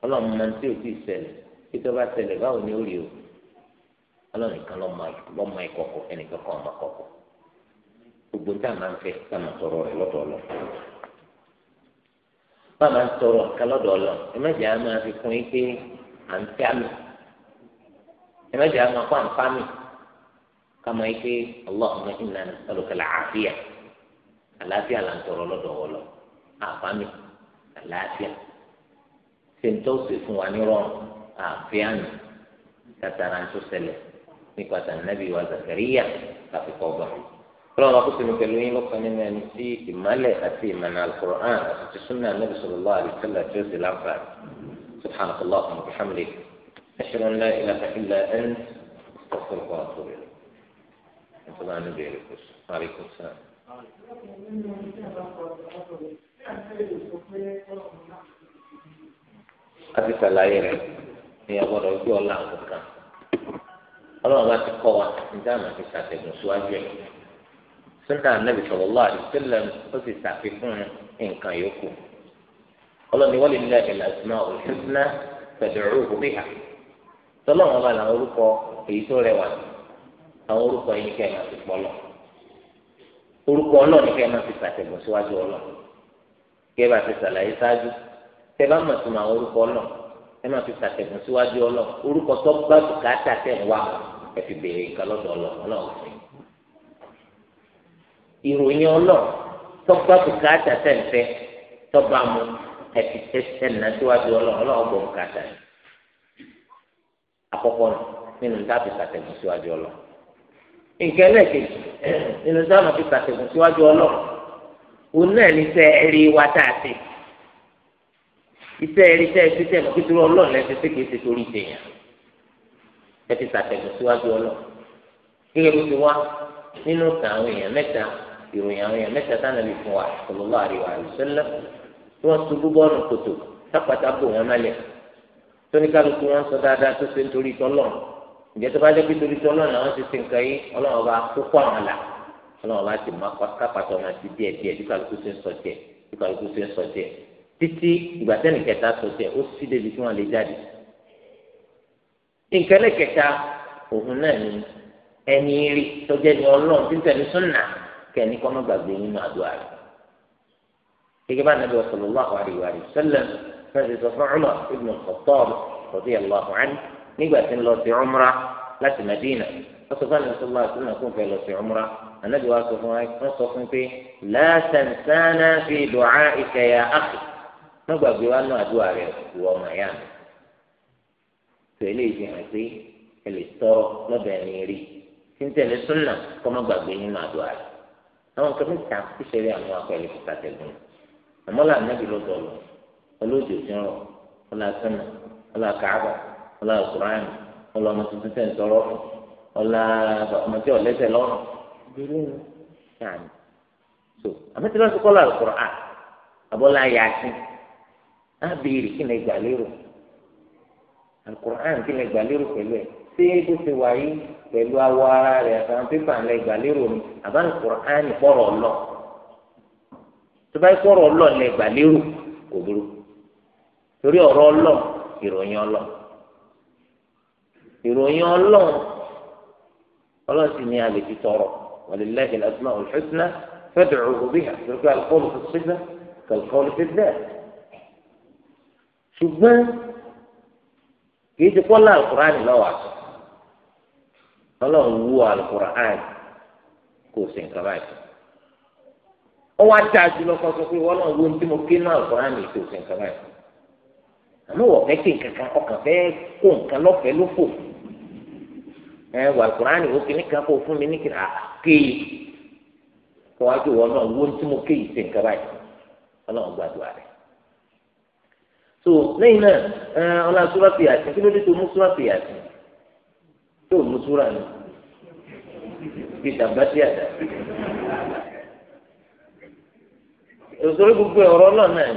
ọlọ́run máa ń tí ò tí ì ṣẹlẹ̀ kí tó bá ṣẹlẹ̀ báwo ni ó rí o ọlọ́run nìkan lọ́mọ ìkọ̀kọ̀ ẹnìkan kan ọmọ kọ̀kọ̀ gbogbo bàbá ń tọrọ nǹkan lọ́dọ̀ ọ̀lọ́ ẹ̀mẹ́jẹ̀ á máa fi kún yín pé à ń tẹ́ àmì ẹ̀mẹ́jẹ̀ á máa kó àǹfà mi kàmá yín pé Allahumma inna nas'aluka al-'afiya là ń tọrọ lọ́dọ̀ ọ̀lọ́ àǹfà mi àlàáfíà ṣe ń tọ́ sí fún wa ní rọrùn àǹfíà mi kàtàrà ń tó ṣẹlẹ̀ nípa tàn nàbí wa Zakariya káfíkọ́ bá mi. فلو نقص المكلمين نقص منا نسي ما لا يأتي من القرآن السنة النبي صلى الله عليه وسلم جزء الأربع سبحانك اللهم وبحمده أشهد أن لا إله إلا أنت أستغفرك وأتوب إليك أنت الله النبي عليه الصلاة عليكم السلام Adi sàlàyé rẹ̀ ni a gbọ́dọ̀ gbé ọ̀la nǹkan. Ọlọ́run bá ti kọ́ wa, ǹjẹ́ àmọ̀ ti ṣàtẹ̀gùn síwájú ẹ̀? sunna anabi sallallahu alaihi wasallam ó sì ṣàfikún nǹkan yòókù ọlọ́ni wọ́n lè nílẹ̀ ìlàsímà òṣùnà pẹ̀lú òrùkú bí ha tọ́lọ́wọ́n bá làwọn orúkọ èyí tó rẹwà àwọn orúkọ yìí ní kẹ́ ẹ̀ máa fi pọ́lọ̀ orúkọ ọlọ́ọ̀ ní kẹ́ ẹ̀ máa fi ṣàtẹ̀gùn síwájú ọlọ́ọ̀ kí ẹ bá ti ṣàlàyé ṣáájú tẹ bá mọ̀ sí àwọn orúkọ ọlọ́ọ̀ ẹ máa fi ṣàtẹ̀gùn síwájú ọlọ́ọ̀ orúkọ tó gbàdúkà tàtẹ̀ wà ẹ fi béèrè nǹkan lọ́dọ̀ ọlọ́ọ̀ ọlọ́ọ̀ fún ìròyìn ọlọ́ọ̀ tọ́gbà bùkátà tẹ̀fẹ́ tọ́ba mu ẹ̀fì tẹ̀sẹ̀ náà síwájú ọlọ́ọ̀ gbọ́ bùkátà yìí àkọ́kọ́ nínú dábì kàtẹ̀gùn síwájú ọlọ́ọ̀ nǹkan ẹlẹ́ẹ̀kejì *clears throat* nínú dábì kàtẹ̀gùn síwájú ọlọ́ọ̀ òun náà ní sẹ́ ẹ̀rí wa tá a ti iṣẹ́ ẹ̀rí tẹ́ ẹ ti tẹ̀ mọ́ kíkúrú ọlọ́ọ̀ lẹ́sẹ̀ tí kìí ṣe torí tèèyàn ẹ ti kàtẹ̀gùn síwájú ọlọ́ọ̀ gẹ́gẹ́ bó ti wá nínú ìtàn èèyàn mẹ́ta ìròyìn àwọn èèyàn mẹ́ta sáà nàbì fún wa sallallahu alaihi wasallam tí wọ́n ṣubú bọ́ọ̀nù kòtò sápàtà bò wọ́n mẹ́lẹ̀ tóníkàlùkù wọn sọ dáadáa tó ṣe nítorí tọ́lọ̀ ǹjẹ́ tó bá jẹ́ pé torí tọ́lọ̀ làwọn ti ṣe nǹkan yìí ọlọ́run ọba tó kọ́ àwọn là ọlọ́run ọba ti máa kápàtà wọn ti díẹ̀ díẹ̀ bí ṣe ń sọ títí ìgbà kẹta sọ ó sì débi tí wọ́n lè jáde. nǹkan lẹ́kẹta òun náà ni ẹni rí tọ́jẹ́ ni ọlọ́run tí ń tẹ̀lé sùnnà kẹ́ni kọ́ má gbàgbé nínú àdúrà rẹ̀ gẹ́gẹ́ bá nàbẹ́ sallallahu alayhi wa sallam fẹ́ẹ́ sọ fún Umar ibn al-Khattab radiyallahu anhu nígbà tí ń lọ sí umra láti mẹdínà wọ́n sọ fún àlùfáà sallallahu alayhi wa sallam kó fẹ́ lọ sí umra ànábì wa sọ fún wọn sọ fún pé la tansana fi du'aika ya akhi má gbàgbé wa nù àdúrà rẹ̀ wọ ọmọ yá mi tẹ̀lé ìfihàn sí ẹ lè tọrọ rí tí ń tẹ̀lé súnà kọ́ àwọn nǹkan mẹ́ta tí sẹ́rí àwọn akọ̀lẹ́ kò tàtẹ̀gùn àmọ́ là nàbí ló dọ̀lọ́ olóòjò ti ń rọ̀ ọlá sẹ́nà ọlá kàába ọlá ọ̀kùnrin ọlá ọmọ tuntun tẹ̀ ń sọ̀rọ̀ ọlá ọmọ tí ọ̀lẹ́sẹ̀ lọ́rùn ìdílé ni yàní so àmọ́ tí wọ́n ti kọ́lá ọ̀kùnrin à àbọ̀lá yàtí á béèrè kí ni ìgbàlérò ọ̀kùnrin kí ni ìgbàlérò pẹ̀lú ẹ̀ ṣé bó ṣe wà yìí pẹ̀lú awọ ara rẹ̀ àtàwọn pépà ńlẹ̀ ìgbàlérò ni àbáni kùránì pọ̀rọ̀ ọlọ́ tó bá pọ̀rọ̀ ọlọ́ ńlẹ̀ ìgbàlérò kò burú torí ọ̀rọ̀ ọlọ́ ìròyìn ọlọ́ ìròyìn ọlọ́ ọlọ́sìn ni a lè fi tọrọ ولله الأسماء الحسنى فادعوه بها تلك القول في الصفة كالقول في الذات ṣùgbọ́n kì í ti kọ́lá alukur'an lọ́wọ́ àtọ̀ ọlọ́run wú alukur'an kò sí nǹkan báyìí ó wá dá a jùlọ kan sọ pé wọ́n náà wo ohun tí mo ké náà alukur'an yìí kò sí nǹkan báyìí àmọ́ wọ́n fẹ́ ké nǹkan kan ọkàn fẹ́ kó nǹkan lọ́fẹ̀ẹ́ ló fò ẹ wà alukur'an yìí ó ké nìkan kó fún mi nìkan àké kó wá pé wọ́n náà wo ohun mo ké yìí sí nǹkan báyìí ọlọ́run gbàdúrà rẹ̀ so lẹ́yìn náà ọlọ́run súrọ́ọ̀tì yàtì kí ló dé tó mú súrọ́ọ̀tì yàtì tó mú súra ni bí tàbátì àdá òṣèré gbogbo ọ̀rọ̀ náà náà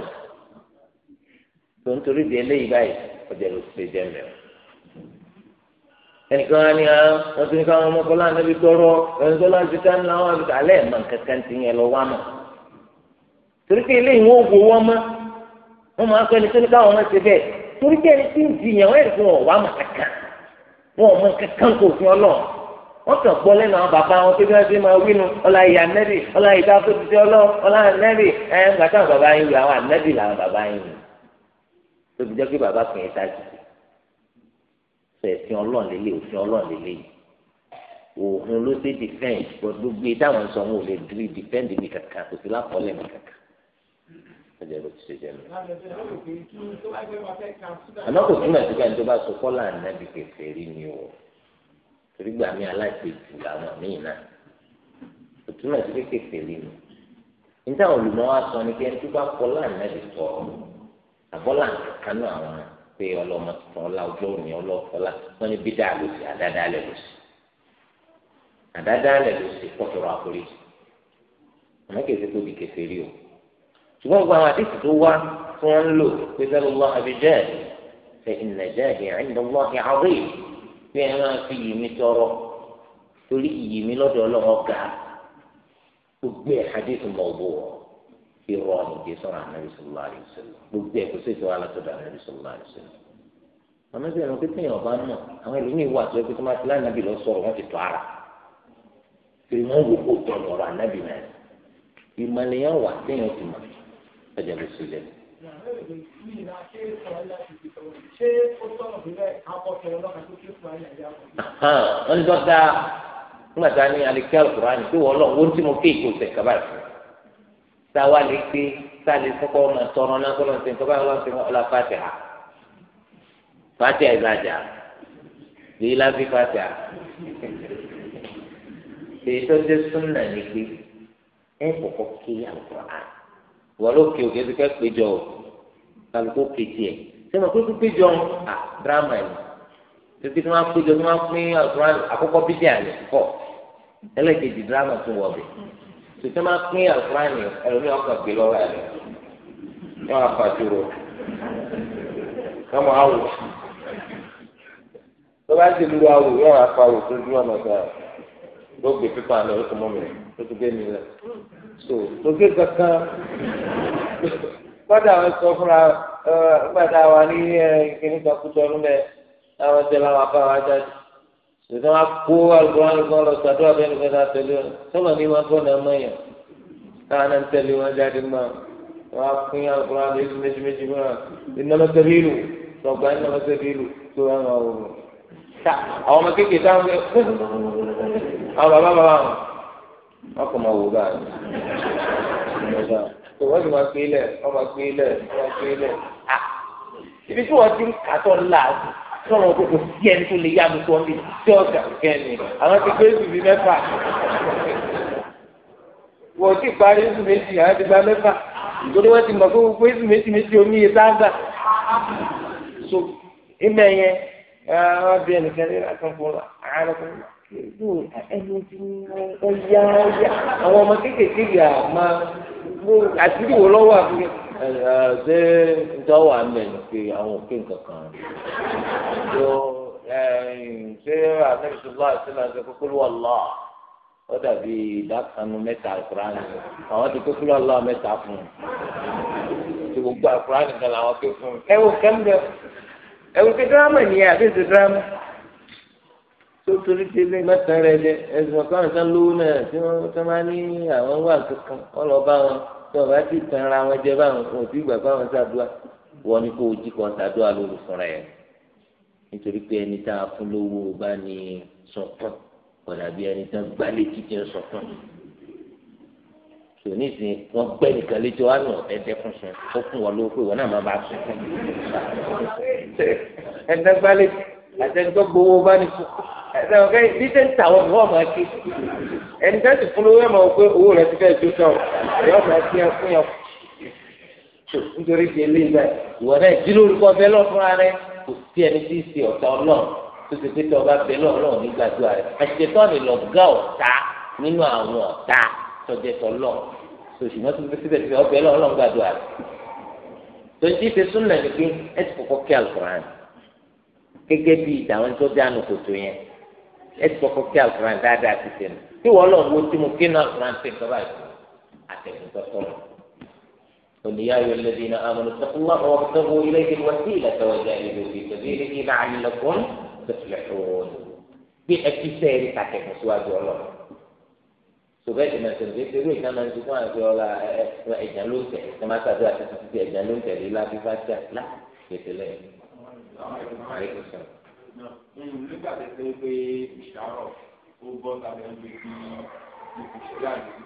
tó ń torí di eléyìí báyìí ọjà ló ti jẹ mẹ́rin ẹnìkan á ní wọn ti ní káwọn ọmọkọlá níbi tọrọ ẹni tó láti ká ńlá wọn àti alẹ́ ẹ̀ máa kankan ti yẹn lọ wá mà torí pé eléyìí wọn ò wọn mọ́ wọn máa kọ́ wọn ò mọ kankan kò fún ọlọ́run wọn kàn gbọ́ lẹ́nu àwọn bàbá wọn pé bí wọ́n ti máa wínú ọlá ìyá nẹ́bì ọlá ìdá tó ti ọlọ ọlá nẹ́bì ẹ ń gbàtà àwọn bàbá yín wí àwọn ànẹ́bì làwọn bàbá yín wí tó fi jẹ́ pé bàbá kìí ta jù sọ ẹ̀sìn ọlọ́run lélẹ̀ òfin ọlọ́run lélẹ̀ òun ló dé defend gbogbo táwọn sọ wọn ò lè dúró defend mi kankan kò sí lápọ̀lẹ̀ mi kankan. ẹjẹ ló ti ṣe jẹ lọ. àmọ́ kò túmọ̀ sí bẹ́ẹ̀ tó bá so kọ́là ànábì kẹfẹ́ rí ni o torí gbà mí aláìsèjù làwọn míì náà kò túmọ̀ sí pé kẹfẹ́ rí ni. níta olùmọ̀ wa sọ ni pé ẹni tó bá kọ́là ànábì sọ àbọ́là kanú àwọn pé ọlọ́mọ tuntun ọlá ọjọ́ òní ọlọ́fọlá wọn ni bídà ló sì àdáadáa lẹ̀ ló sì àdáadáa lẹ̀ ló sì kọ́tọ̀rọ̀ àforíjì àmọ́ rí o. ṣùgbọ́n gbogbo àwọn àdìsí tó wá tí wọ́n ń lò pé sẹ́lú lọ́ àbíjẹ́ ṣe ìnàjẹ́ ìrìndínlọ́ ìhàwé bí ẹ máa fi yìí mi tọrọ torí ìyì mi lọ́dọ̀ ọlọ́wọ́ ga gbogbo ẹ̀ àdìsí mọ̀ọ́bù irọ́ nìjẹ́ sọ̀rọ̀ ànábì sọ̀rọ̀ àdìsọ̀rọ̀ gbogbo ẹ̀ kò sí ìtura látọ̀dọ̀ ànábì sọ̀rọ̀ àdìsọ̀rọ̀ àmọ́ bí ẹnu pété ọba náà àwọn ẹlòmíì wà tó yẹ pé tó máa ti lánàbì lọ sọ̀rọ̀ wọ́n ti tọ́ ara pé wọ́n wò ó tọ̀nù ọ̀rọ̀ ànábì náà ìmọ̀lẹ́yìn wà téèyàn ti mọ̀ ẹ̀jẹ̀ ló sì jẹ́. wọ́n ní dọ́ta nígbà tá a ní alikẹ́ alukurani pé wọ́n lọ wọ́n tí mo kéèkó sẹ̀ kaba yìí tá a wá lè gbé tá a lè sọ́kọ́ ọmọ tọrọ náà kọ́ lọ́sẹ̀ nǹkan báyìí lọ́sẹ̀ ọ̀la fàtẹ̀ ha fàtẹ̀ ẹ̀ gbàjà lèyí láfi fàtẹ̀ ha èyí tó dé súnà ní pé ẹ̀ kọ̀kọ́ kéèyàn alukurani wọ́n ló kí òkè kíkẹ́ péjọ o kálukú kéjì ẹ̀ sẹ́mi àkókò péjọ à dírámà ẹ̀ títí tí wọ́n á péjọ tí wọ́n á pín àlùkùránì àkọ́kọ́ bídí àlè kọ́ ẹlẹ́kejì dírámà tún wọ̀ bẹ̀ títí wọ́n á pín àlùkùránì ẹlòmí ọkàn gbé lọ́wọ́ ẹ̀ ní wọ́n á fà dúró kọ́mọ àwò tó bá ti lu àwò yóò wá fa àwò tó dúró ọ̀nà sáà gbogbo pípa náà ó so lókè kankan kọ́dà wọn sọ fúnra gbàdá wa ní kíní kan kú sọ lómẹ àwọn tẹ láwọn afá wa jáde sọdọ wọn kó alùpùpù alùpùpù lọ sọdọ wọn bẹ́ẹ̀ ní kẹta tẹ̀lé wọn sọlọ ní wọn gbọ́dọ̀ mọ yẹn káwọn náà ń tẹ̀lé wọn jáde mọ wọn pín alùpùpù alùpùpù méjì méjì mọ ìnáwó ìlú lọgbà ìnáwó ìlú tó wọn wà wò. àwọn ọmọ kékeré táwọn ń *laughs* àwọn bàbá bàbá wọn. ọkọ̀ máa wò báyìí tó wọ́n sì máa pé lẹ̀ wọ́n máa pé lẹ̀ wọ́n máa pé lẹ̀ à ibi tí wọ́n ti ń kàtọ́ ńlá sọ̀rọ̀ òkòkò sí ẹni tó lè yá mi tó ọ̀dẹ̀ tí ọ̀gá kẹ́ni àwọn ti gbé ìbí mẹ́fà wọ́n ti parí ìbí méjì àwọn ti gba mẹ́fà ìdórí wọn ti mọ̀ pé gbogbo ìbí méjì méjì omi yẹn sáńgà so ìmẹ̀yẹ bí ẹnu ti ọya ọya àwọn ọmọ kéékèèké yà máa mú àtìrí wò lọ́wọ́ àbúrò ṣé ntọ́wọ́ àmì pé àwọn òkè nǹkankan tó ṣé àmẹ́sọ̀lá àṣìlá ṣe kókó lọ́wọ́ lọ́ ó dàbí ìdákanu mẹ́ta àkùránì àwọn ti kókó lọ́wọ́ lọ́wọ́ mẹ́ta fún un tí gbogbo àkùránì kan làwọn ké fún un ẹ̀wọ̀n kẹ́mbẹ́ ẹ̀wọ̀n kẹ́ dírámà nìyẹn àbí èsì dírámà tó torí délé mẹ́ta rẹ jẹ ẹsùn kan sàn lówó náà tí wọ́n tó máa ní àwọn wà kankan wọ́n lọ bá wọn tí wọ́n bá ti tan ara wọn jẹ báwọn wọn ò tí gbà báwọn ṣàdúrà wọ́n ní kó o jí kan ṣàdúrà lóru fúnra ẹ̀ nítorí pé ẹni tá a fún lówó bá ní sọkàn ọ̀nà bí ẹni tá a gbá létí ti sọkàn tò ní wọn gbẹ nìkan létí wọn nù ẹdẹ kún sun ó kún wọn lówó pé wọn náà máa bá sùn ẹdẹ gbá létí àtẹnudọ́ gbowó bá ní kú ẹsẹ ọkẹ bí tẹ ń ta wọn ni wọn máa ké ẹni tẹ ti fún lówó ẹ máa pé owó rẹ ti fẹẹ jó tán ẹ yọ máa fi ẹkún yẹn kù nítorí ti eléyìí báyìí ìwọ náà jí lórí kọ bẹ lọfún ara rẹ kò sí ẹni tí í ṣe ọ̀tá ọlọ́run tó ti pé tí ọba bẹ lọ́run nígbà tó rẹ àṣetọ́ ni lọ́gá ọ̀tá nínú àwọn ọ̀tá tọ́jẹ́tọ́ lọ́run tòṣùmọ́ tó ti síbẹ̀ síbẹ̀ ọbẹ̀ lọ́run gbàdúrà rẹ tó ń jí ṣe súnlẹ̀ ni pé ẹ ti kọ́kọ́ kí àlùkò rẹ̀ gẹ́gẹ́ bí ìdáwọn tó dánù kòtò yẹn ẹ ti kọ́kọ́ kí alukuran dáadáa ti tẹnu tí wọn lọ wo tí mo kí náà alukuran tẹ tọ́ báyìí àtẹ̀kùn tọ́tọ́ lọ. oníyá yóò lè dín náà amúnú sọ́kúnlá ọ̀rọ̀ tọ́kù ilé ìdí wọ́n sí ìlàtọ̀wọ̀ jẹ́ ìlú bí tẹ̀lé ilé kí náà àmì lọ́kùn tẹ̀sílẹ̀ òun. bí ẹ ti sẹ́ ẹ̀rí kàtẹ̀kùn síwájú ọlọ́ sọfẹ̀tì náà tẹ̀lé pé eré ìtàn náà ti fún àti ọlá ẹ̀jẹ̀ ló ń tẹ̀ ẹ̀ máa tàbí àti títí ẹ̀jẹ̀ ló ń tẹ̀lé lábí fásitì àti lá ètò lẹ́yìn àyíkò sọ. nígbà náà yìí.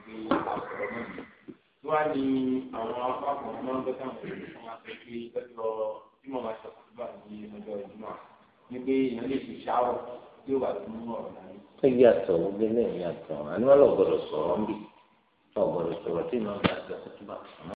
tí wàá ní àwọn apá tí mo máa ṣọ̀kọ̀ tí ó wà gbọdọ̀ sọ̀rọ̀ ń bì lọ gbọdọ̀ sọ̀rọ̀